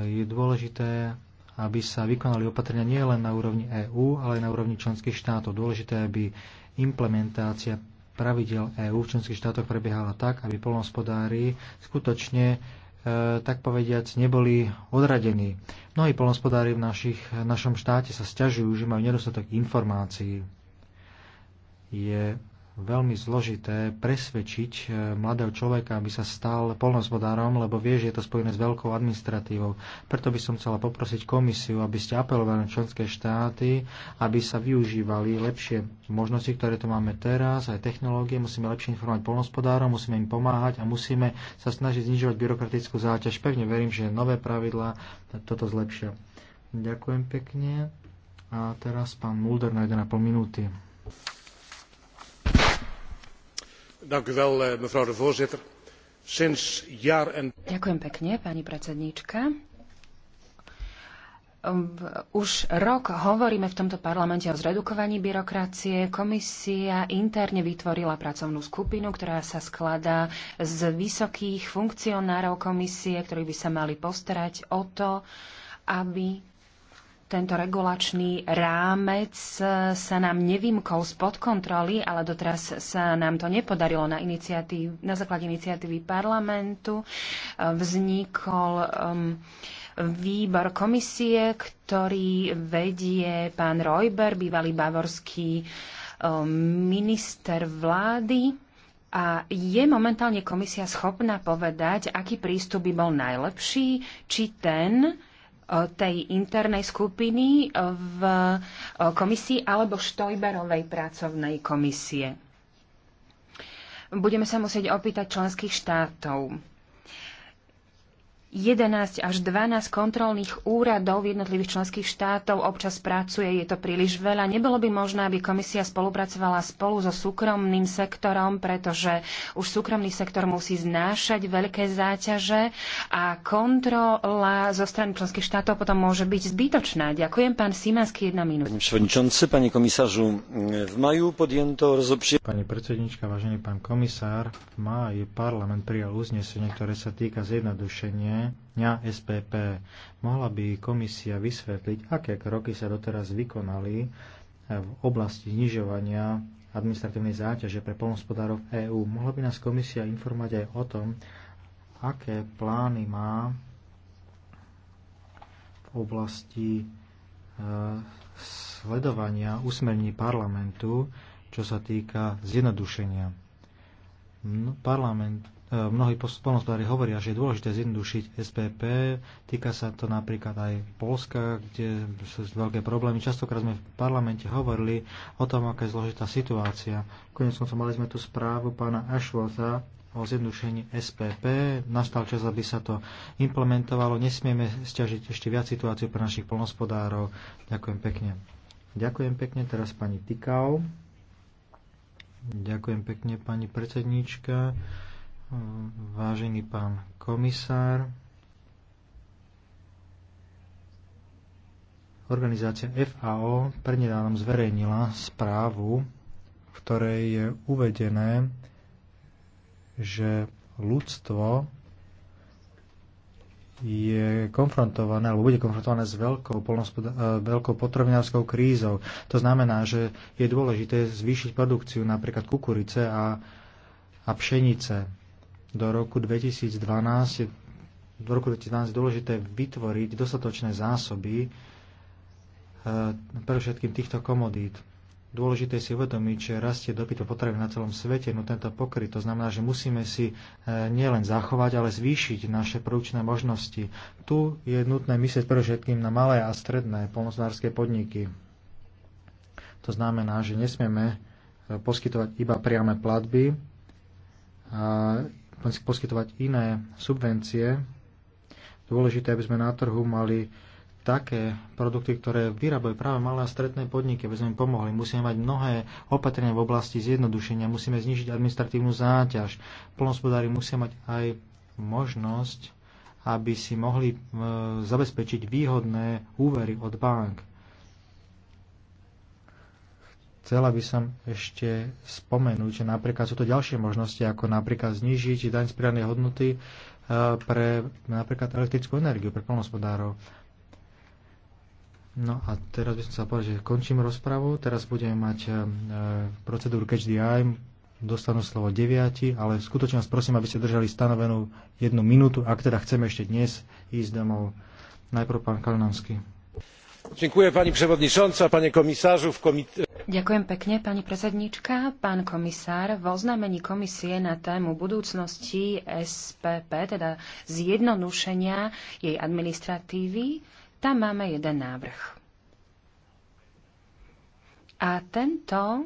Je dôležité, aby sa vykonali opatrenia nielen na úrovni EÚ, ale aj na úrovni členských štátov. Dôležité, aby implementácia pravidel EÚ v členských štátoch prebiehala tak, aby polnospodári skutočne e, tak povediac, neboli odradení. Mnohí polnospodári v, našich, v našom štáte sa stiažujú, že majú nedostatok informácií. Je veľmi zložité presvedčiť eh, mladého človeka, aby sa stal polnospodárom, lebo vie, že je to spojené s veľkou administratívou. Preto by som chcela poprosiť komisiu, aby ste apelovali na členské štáty, aby sa využívali lepšie možnosti, ktoré tu máme teraz, aj technológie. Musíme lepšie informovať polnospodárov, musíme im pomáhať a musíme sa snažiť znižovať byrokratickú záťaž. Pevne verím, že nové pravidlá toto zlepšia. Ďakujem pekne. A teraz pán Mulder na 1,5 minúty. Eh, Ďakujem pekne, pani um, Už rok hovoríme v tomto parlamente o zredukovaní byrokracie. Komisia interne vytvorila pracovnú skupinu, ktorá sa skladá z vysokých funkcionárov komisie, ktorí by sa mali postarať o to, aby tento regulačný rámec eh, sa nám nevymkol spod kontroly, ale doteraz sa nám to nepodarilo na, iniciatív, na základe iniciatívy parlamentu. Eh, vznikol um, výbor komisie, ktorý vedie pán Rojber, bývalý bavorský um, minister vlády. A je momentálne komisia schopná povedať, aký prístup by bol najlepší, či ten, tej internej skupiny v komisii alebo Štojberovej pracovnej komisie. Budeme sa musieť opýtať členských štátov 11 až 12 kontrolných úradov jednotlivých členských štátov občas pracuje, je to príliš veľa. Nebolo by možné, aby komisia spolupracovala spolu so súkromným sektorom, pretože už súkromný sektor musí znášať veľké záťaže a kontrola zo strany členských štátov potom môže byť zbytočná. Ďakujem, pán Simanský, jedna minúta. Pani predsednička, vážený pán komisár, v je parlament prijal uznesenie, ktoré sa týka zjednodušenia dňa SPP. Mohla by komisia vysvetliť, aké kroky sa doteraz vykonali eh, v oblasti znižovania administratívnej záťaže pre polnospodárov EÚ. Mohla by nás komisia informovať aj o tom, aké plány má v oblasti eh, sledovania usmerní parlamentu, čo sa týka zjednodušenia. Parlament Eh, mnohí polnospodári hovoria, že je dôležité zjednodušiť SPP. Týka sa to napríklad aj Polska, kde sú veľké problémy. Častokrát sme v parlamente hovorili o tom, aká je zložitá situácia. Konec som mali sme tu správu pána Ashwortha o zjednodušení SPP. Nastal čas, aby sa to implementovalo. Nesmieme stiažiť ešte viac situáciu pre našich polnospodárov. Ďakujem pekne. Ďakujem pekne teraz pani Tikau. Ďakujem pekne pani predsedníčka. Vážený pán komisár, organizácia FAO prednedávnom zverejnila správu, v ktorej je uvedené, že ľudstvo je konfrontované, alebo bude konfrontované s veľkou, e, veľkou potravinárskou krízou. To znamená, že je dôležité zvýšiť produkciu napríklad kukurice a, a pšenice do roku 2012 je do roku 2012 dôležité vytvoriť dostatočné zásoby e, pre všetkým týchto komodít. Dôležité si uvedomiť, že rastie dopyt po potreby na celom svete, no tento pokryt. To znamená, že musíme si e, nielen zachovať, ale zvýšiť naše produkčné možnosti. Tu je nutné myslieť pre všetkým na malé a stredné polnospodárske podniky. To znamená, že nesmieme e, poskytovať iba priame platby, poskytovať iné subvencie. Dôležité, aby sme na trhu mali také produkty, ktoré vyrábajú práve malé a stredné podniky, aby sme im pomohli. Musíme mať mnohé opatrenia v oblasti zjednodušenia, musíme znižiť administratívnu záťaž. Plnospodári musia mať aj možnosť, aby si mohli e, zabezpečiť výhodné úvery od bank Chcela by som ešte spomenúť, že napríklad sú to ďalšie možnosti, ako napríklad znižiť daň z pridanej hodnoty e, pre napríklad elektrickú energiu, pre plnospodárov. No a teraz by som sa povedal, že končím rozpravu. Teraz budeme mať e, procedúru Catch the Eye. Dostanú slovo deviati, ale skutočne vás prosím, aby ste držali stanovenú jednu minútu, ak teda chceme ešte dnes ísť domov. Najprv pán Kalinovský. Ďakujem pekne, pani Pán komisár, v oznámení komisie na tému budúcnosti SPP, teda zjednodušenia jej administratívy, tam máme jeden návrh. A tento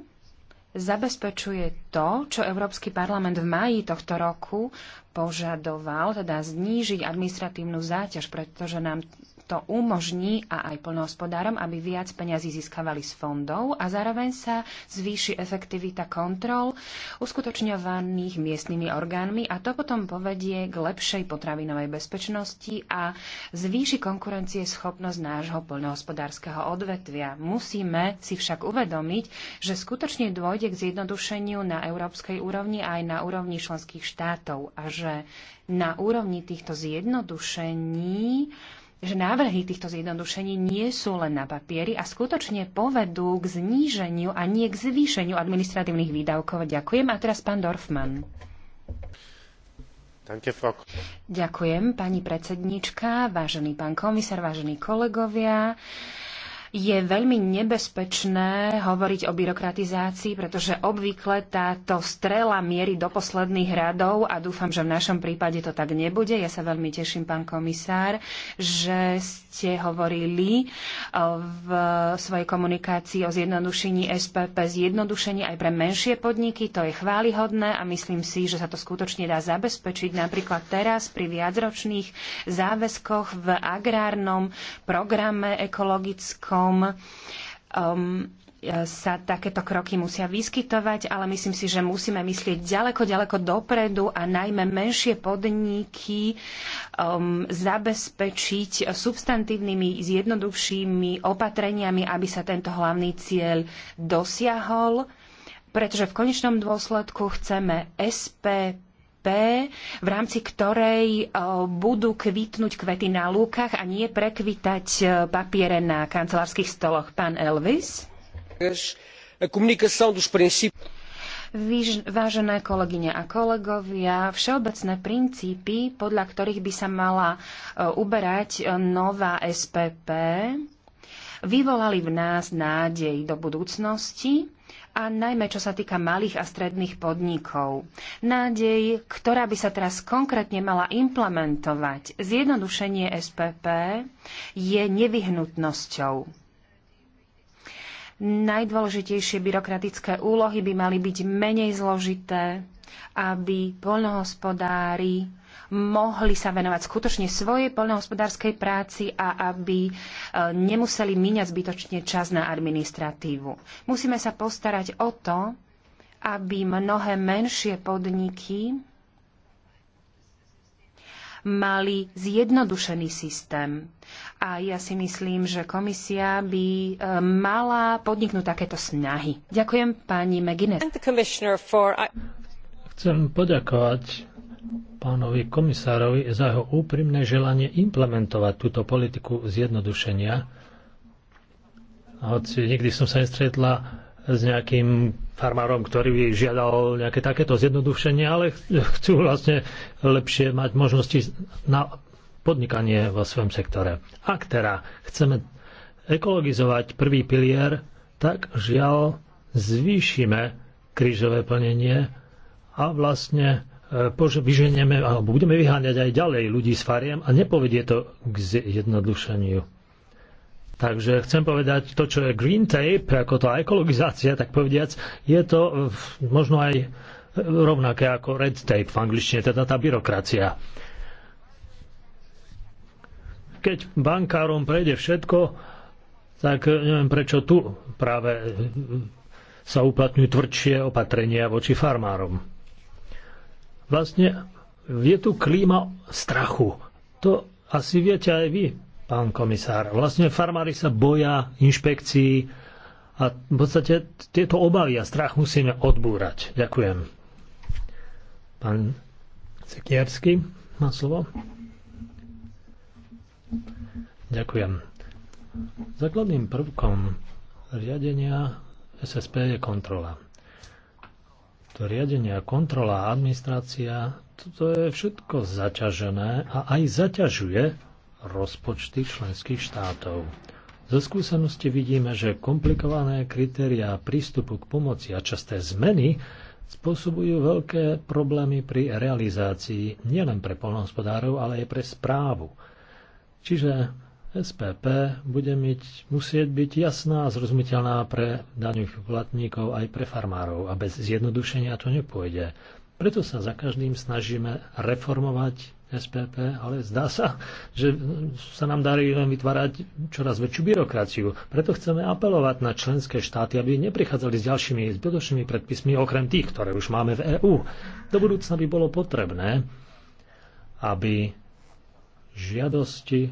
zabezpečuje to, čo Európsky parlament v máji tohto roku požadoval, teda znížiť administratívnu záťaž, pretože nám to umožní a aj plnohospodárom, aby viac peňazí získavali z fondov a zároveň sa zvýši efektivita kontrol uskutočňovaných miestnymi orgánmi a to potom povedie k lepšej potravinovej bezpečnosti a zvýši schopnosť nášho plnohospodárskeho odvetvia. Musíme si však uvedomiť, že skutočne dôjde k zjednodušeniu na európskej úrovni aj na úrovni členských štátov a že na úrovni týchto zjednodušení že návrhy týchto zjednodušení nie sú len na papieri a skutočne povedú k zníženiu a nie k zvýšeniu administratívnych výdavkov. Ďakujem. A teraz pán Dorfman. Ďakujem, pani predsednička, vážený pán komisár, vážení kolegovia je veľmi nebezpečné hovoriť o byrokratizácii, pretože obvykle táto strela mierí do posledných radov a dúfam, že v našom prípade to tak nebude. Ja sa veľmi teším, pán komisár, že ste hovorili eh, v svojej komunikácii o zjednodušení SPP, zjednodušení aj pre menšie podniky. To je chválihodné a myslím si, že sa to skutočne dá zabezpečiť napríklad teraz pri viacročných záväzkoch v agrárnom programe ekologickom Marokom um, sa takéto kroky musia vyskytovať, ale myslím si, že musíme myslieť ďaleko, ďaleko dopredu a najmä menšie podniky um, zabezpečiť substantívnymi, zjednoduchšími opatreniami, aby sa tento hlavný cieľ dosiahol, pretože v konečnom dôsledku chceme SP v rámci ktorej e, budú kvitnúť kvety na lúkach a nie prekvitať e, papiere na kancelárskych stoloch. Pán Elvis? Vážené kolegyne a kolegovia, všeobecné princípy, podľa ktorých by sa mala e, uberať nová SPP, vyvolali v nás nádej do budúcnosti a najmä čo sa týka malých a stredných podnikov. Nádej, ktorá by sa teraz konkrétne mala implementovať, zjednodušenie SPP je nevyhnutnosťou najdôležitejšie byrokratické úlohy by mali byť menej zložité, aby poľnohospodári mohli sa venovať skutočne svojej poľnohospodárskej práci a aby e, nemuseli míňať zbytočne čas na administratívu. Musíme sa postarať o to, aby mnohé menšie podniky mali zjednodušený systém. A ja si myslím, že komisia by e, mala podniknúť takéto snahy. Ďakujem pani McGuinness. Chcem poďakovať pánovi komisárovi za jeho úprimné želanie implementovať túto politiku zjednodušenia. Hoci nikdy som sa nestretla s nejakým farmárom, ktorý by žiadal nejaké takéto zjednodušenie, ale chcú vlastne lepšie mať možnosti na podnikanie vo svojom sektore. Ak teda chceme ekologizovať prvý pilier, tak žiaľ zvýšime krížové plnenie a vlastne vyženieme alebo budeme vyháňať aj ďalej ľudí s fariem a nepovedie to k zjednodušeniu. Takže chcem povedať, to, čo je green tape, ako tá ekologizácia, tak povediac, je to e, možno aj e, rovnaké ako red tape v angličtine, teda tá byrokracia. Keď bankárom prejde všetko, tak e, neviem prečo tu práve sa uplatňujú tvrdšie opatrenia voči farmárom. Vlastne je tu klíma strachu. To asi viete aj vy, pán komisár. Vlastne farmári sa boja inšpekcií a v podstate tieto obavy a strach musíme odbúrať. Ďakujem. Pán Sekierský má slovo. Ďakujem. Základným prvkom riadenia SSP je kontrola to riadenie a kontrola a administrácia, toto je všetko zaťažené a aj zaťažuje rozpočty členských štátov. Zo skúsenosti vidíme, že komplikované kritériá prístupu k pomoci a časté zmeny spôsobujú veľké problémy pri realizácii nielen pre polnohospodárov, ale aj pre správu. Čiže SPP bude myť, musieť byť jasná a zrozumiteľná pre daňových platníkov aj pre farmárov a bez zjednodušenia to nepôjde. Preto sa za každým snažíme reformovať SPP, ale zdá sa, že sa nám darí len vytvárať čoraz väčšiu byrokraciu. Preto chceme apelovať na členské štáty, aby neprichádzali s ďalšími zbytočnými predpismi, okrem tých, ktoré už máme v EÚ. Do budúcna by bolo potrebné, aby žiadosti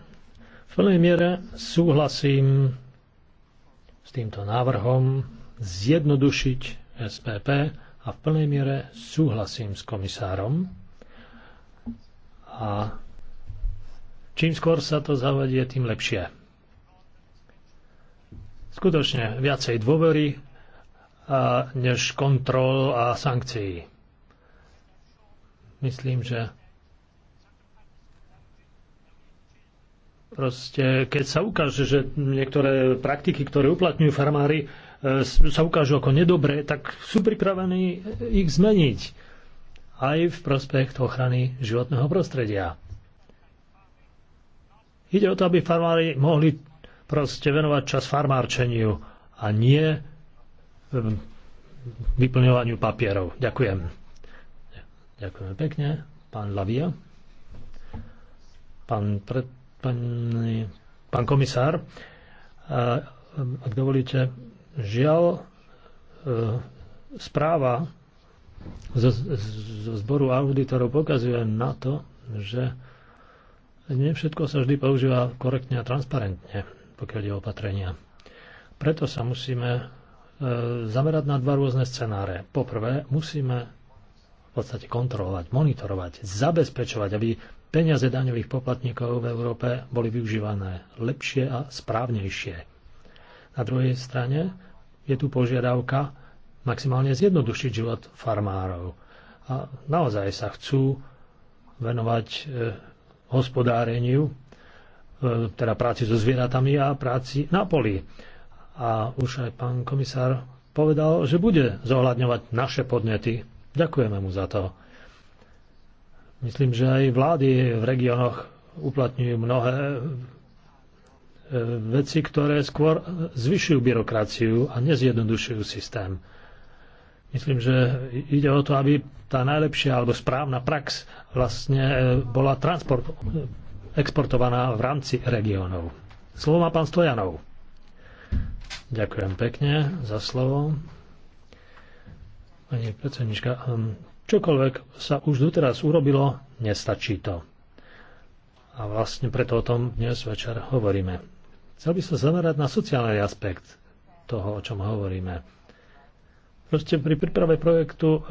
v plnej miere súhlasím s týmto návrhom zjednodušiť SPP a v plnej miere súhlasím s komisárom. A čím skôr sa to zavedie, tým lepšie. Skutočne viacej dôvery než kontrol a sankcií. Myslím, že Proste, keď sa ukáže, že niektoré praktiky, ktoré uplatňujú farmári, e, sa ukážu ako nedobré, tak sú pripravení ich zmeniť aj v prospech ochrany životného prostredia. Ide o to, aby farmári mohli proste venovať čas farmárčeniu a nie e, vyplňovaniu papierov. Ďakujem. Ďakujem pekne. Pán Lavia. Pán pred Pán, pán komisár, ak dovolíte, žiaľ, e, správa zo, zo zboru auditorov pokazuje na to, že nie všetko sa vždy používa korektne a transparentne, pokiaľ je opatrenia. Preto sa musíme e, zamerať na dva rôzne scenáre. Poprvé, musíme v podstate kontrolovať, monitorovať, zabezpečovať, aby peniaze daňových poplatníkov v Európe boli využívané lepšie a správnejšie. Na druhej strane je tu požiadavka maximálne zjednodušiť život farmárov. A naozaj sa chcú venovať e, hospodáreniu, e, teda práci so zvieratami a práci na poli. A už aj pán komisár povedal, že bude zohľadňovať naše podnety. Ďakujeme mu za to. Myslím, že aj vlády v regiónoch uplatňujú mnohé e, veci, ktoré skôr zvyšujú byrokraciu a nezjednodušujú systém. Myslím, že ide o to, aby tá najlepšia alebo správna prax vlastne e, bola transport, e, exportovaná v rámci regiónov. Slovo má pán Stojanov. Ďakujem pekne za slovo. Pani predsednička, hm, Čokoľvek sa už doteraz urobilo, nestačí to. A vlastne preto o tom dnes večer hovoríme. Chcel by som zamerať na sociálny aspekt toho, o čom hovoríme. Proste pri príprave projektu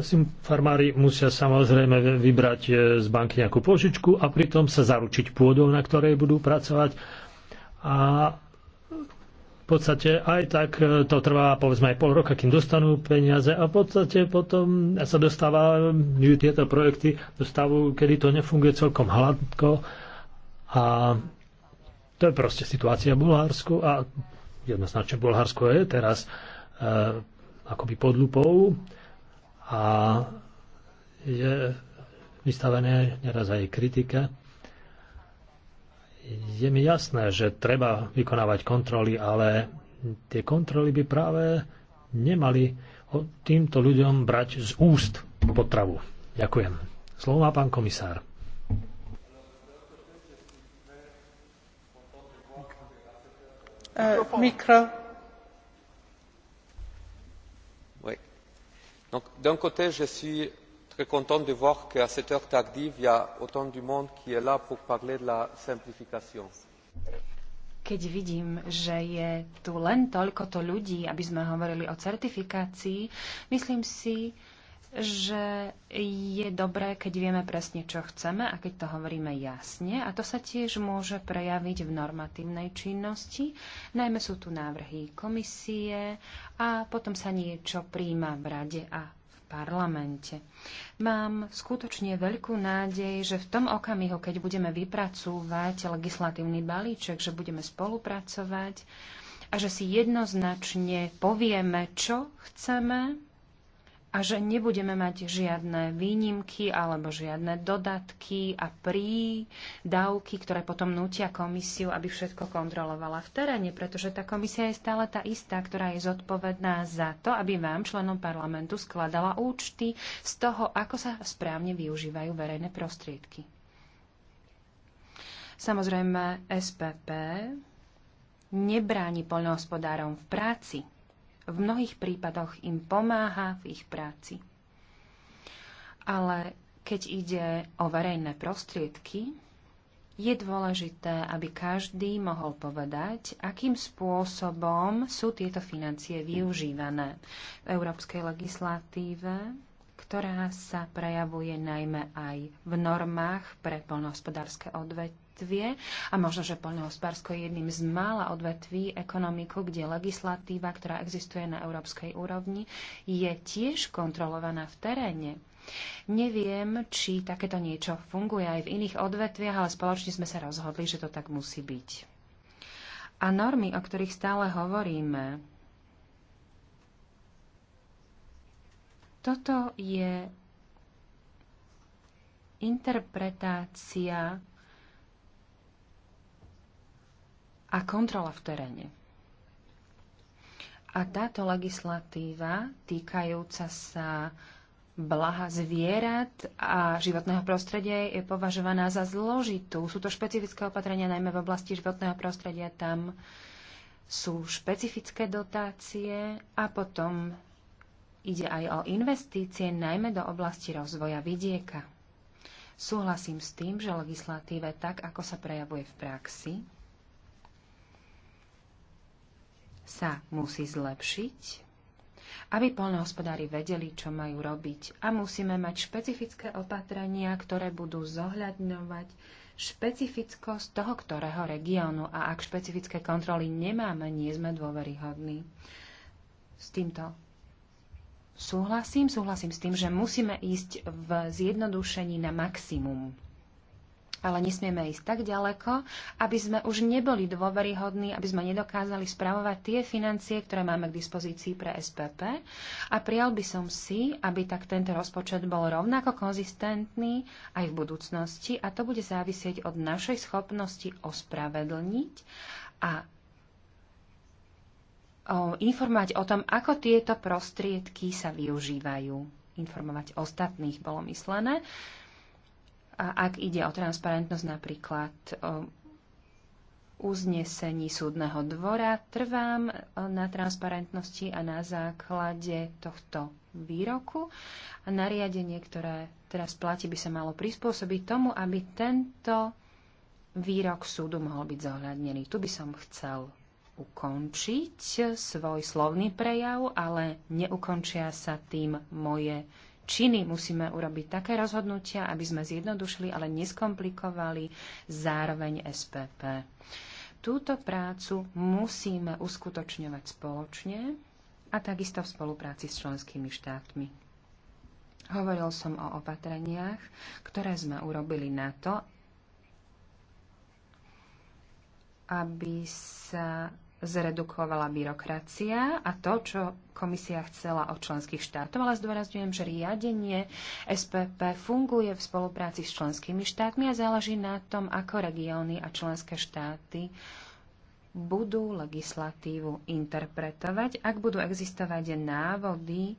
e, farmári musia samozrejme vybrať e, z banky nejakú požičku a pritom sa zaručiť pôdou, na ktorej budú pracovať. A podstate aj tak e, to trvá povedzme aj pol roka, kým dostanú peniaze a v podstate potom sa dostávajú e, tieto projekty do stavu, kedy to nefunguje celkom hladko a to je proste situácia v Bulharsku a jednoznačne Bulharsko je teraz e, akoby pod lupou a je vystavené neraz aj kritike. Je mi jasné, že treba vykonávať kontroly, ale tie kontroly by práve nemali týmto ľuďom brať z úst potravu. Ďakujem. Slovo má pán komisár. E, mikro. Donc, d'un côté, je suis très content de voir qu'à cette heure tardive il y a autant de monde qui est là pour parler de la simplification. Keď vidím, že je tu len toľko to ľudí, aby sme hovorili o certifikácii, myslím si, že je dobré, keď vieme presne, čo chceme a keď to hovoríme jasne. A to sa tiež môže prejaviť v normatívnej činnosti. Najmä sú tu návrhy komisie a potom sa niečo príjma v rade a parlamente. Mám skutočne veľkú nádej, že v tom okamihu, keď budeme vypracúvať legislatívny balíček, že budeme spolupracovať a že si jednoznačne povieme, čo chceme a že nebudeme mať žiadne výnimky alebo žiadne dodatky a prídavky, ktoré potom nutia komisiu, aby všetko kontrolovala v teréne, pretože tá komisia je stále tá istá, ktorá je zodpovedná za to, aby vám, členom parlamentu, skladala účty z toho, ako sa správne využívajú verejné prostriedky. Samozrejme, SPP nebráni poľnohospodárom v práci, v mnohých prípadoch im pomáha v ich práci. Ale keď ide o verejné prostriedky, je dôležité, aby každý mohol povedať, akým spôsobom sú tieto financie využívané v európskej legislatíve, ktorá sa prejavuje najmä aj v normách pre polnohospodárske odvetvie odvetvie a možno, že poľnohospodársko je jedným z mála odvetví ekonomiku, kde legislatíva, ktorá existuje na európskej úrovni, je tiež kontrolovaná v teréne. Neviem, či takéto niečo funguje aj v iných odvetviach, ale spoločne sme sa rozhodli, že to tak musí byť. A normy, o ktorých stále hovoríme, toto je interpretácia a kontrola v teréne. A táto legislatíva týkajúca sa blaha zvierat a životného prostredia je považovaná za zložitú. Sú to špecifické opatrenia najmä v oblasti životného prostredia. Tam sú špecifické dotácie a potom ide aj o investície najmä do oblasti rozvoja vidieka. Súhlasím s tým, že legislatíve tak, ako sa prejavuje v praxi, sa musí zlepšiť, aby polnohospodári vedeli, čo majú robiť. A musíme mať špecifické opatrenia, ktoré budú zohľadňovať špecifickosť toho, ktorého regiónu. A ak špecifické kontroly nemáme, nie sme dôveryhodní. S týmto súhlasím. Súhlasím s tým, že musíme ísť v zjednodušení na maximum ale nesmieme ísť tak ďaleko, aby sme už neboli dôveryhodní, aby sme nedokázali spravovať tie financie, ktoré máme k dispozícii pre SPP. A prijal by som si, aby tak tento rozpočet bol rovnako konzistentný aj v budúcnosti a to bude závisieť od našej schopnosti ospravedlniť a informovať o tom, ako tieto prostriedky sa využívajú. Informovať ostatných bolo myslené. A ak ide o transparentnosť napríklad o uznesení súdneho dvora, trvám na transparentnosti a na základe tohto výroku. A nariadenie, ktoré teraz platí, by sa malo prispôsobiť tomu, aby tento výrok súdu mohol byť zohľadnený. Tu by som chcel ukončiť svoj slovný prejav, ale neukončia sa tým moje činy. Musíme urobiť také rozhodnutia, aby sme zjednodušili, ale neskomplikovali zároveň SPP. Túto prácu musíme uskutočňovať spoločne a takisto v spolupráci s členskými štátmi. Hovoril som o opatreniach, ktoré sme urobili na to, aby sa zredukovala byrokracia a to, čo komisia chcela od členských štátov, ale zdôrazňujem, že riadenie SPP funguje v spolupráci s členskými štátmi a záleží na tom, ako regióny a členské štáty budú legislatívu interpretovať, ak budú existovať návody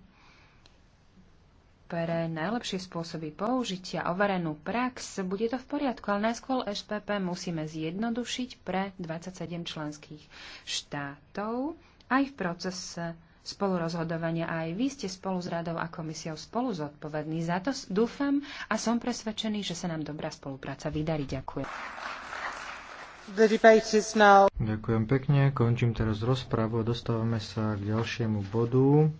SPPR najlepšie spôsoby použitia, overenú prax, bude to v poriadku, ale najskôr SPP musíme zjednodušiť pre 27 členských štátov aj v procese spolurozhodovania aj vy ste spolu s radou a komisiou spolu zodpovední. Za to dúfam a som presvedčený, že sa nám dobrá spolupráca vydarí. Ďakujem. Ďakujem pekne. Končím teraz rozpravu a dostávame sa k ďalšiemu bodu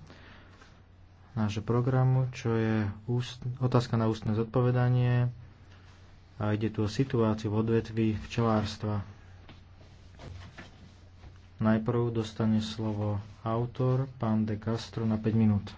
nášho programu, čo je úst, otázka na ústne zodpovedanie a ide tu o situáciu v odvetví včelárstva. Najprv dostane slovo autor, pán De Castro, na 5 minút.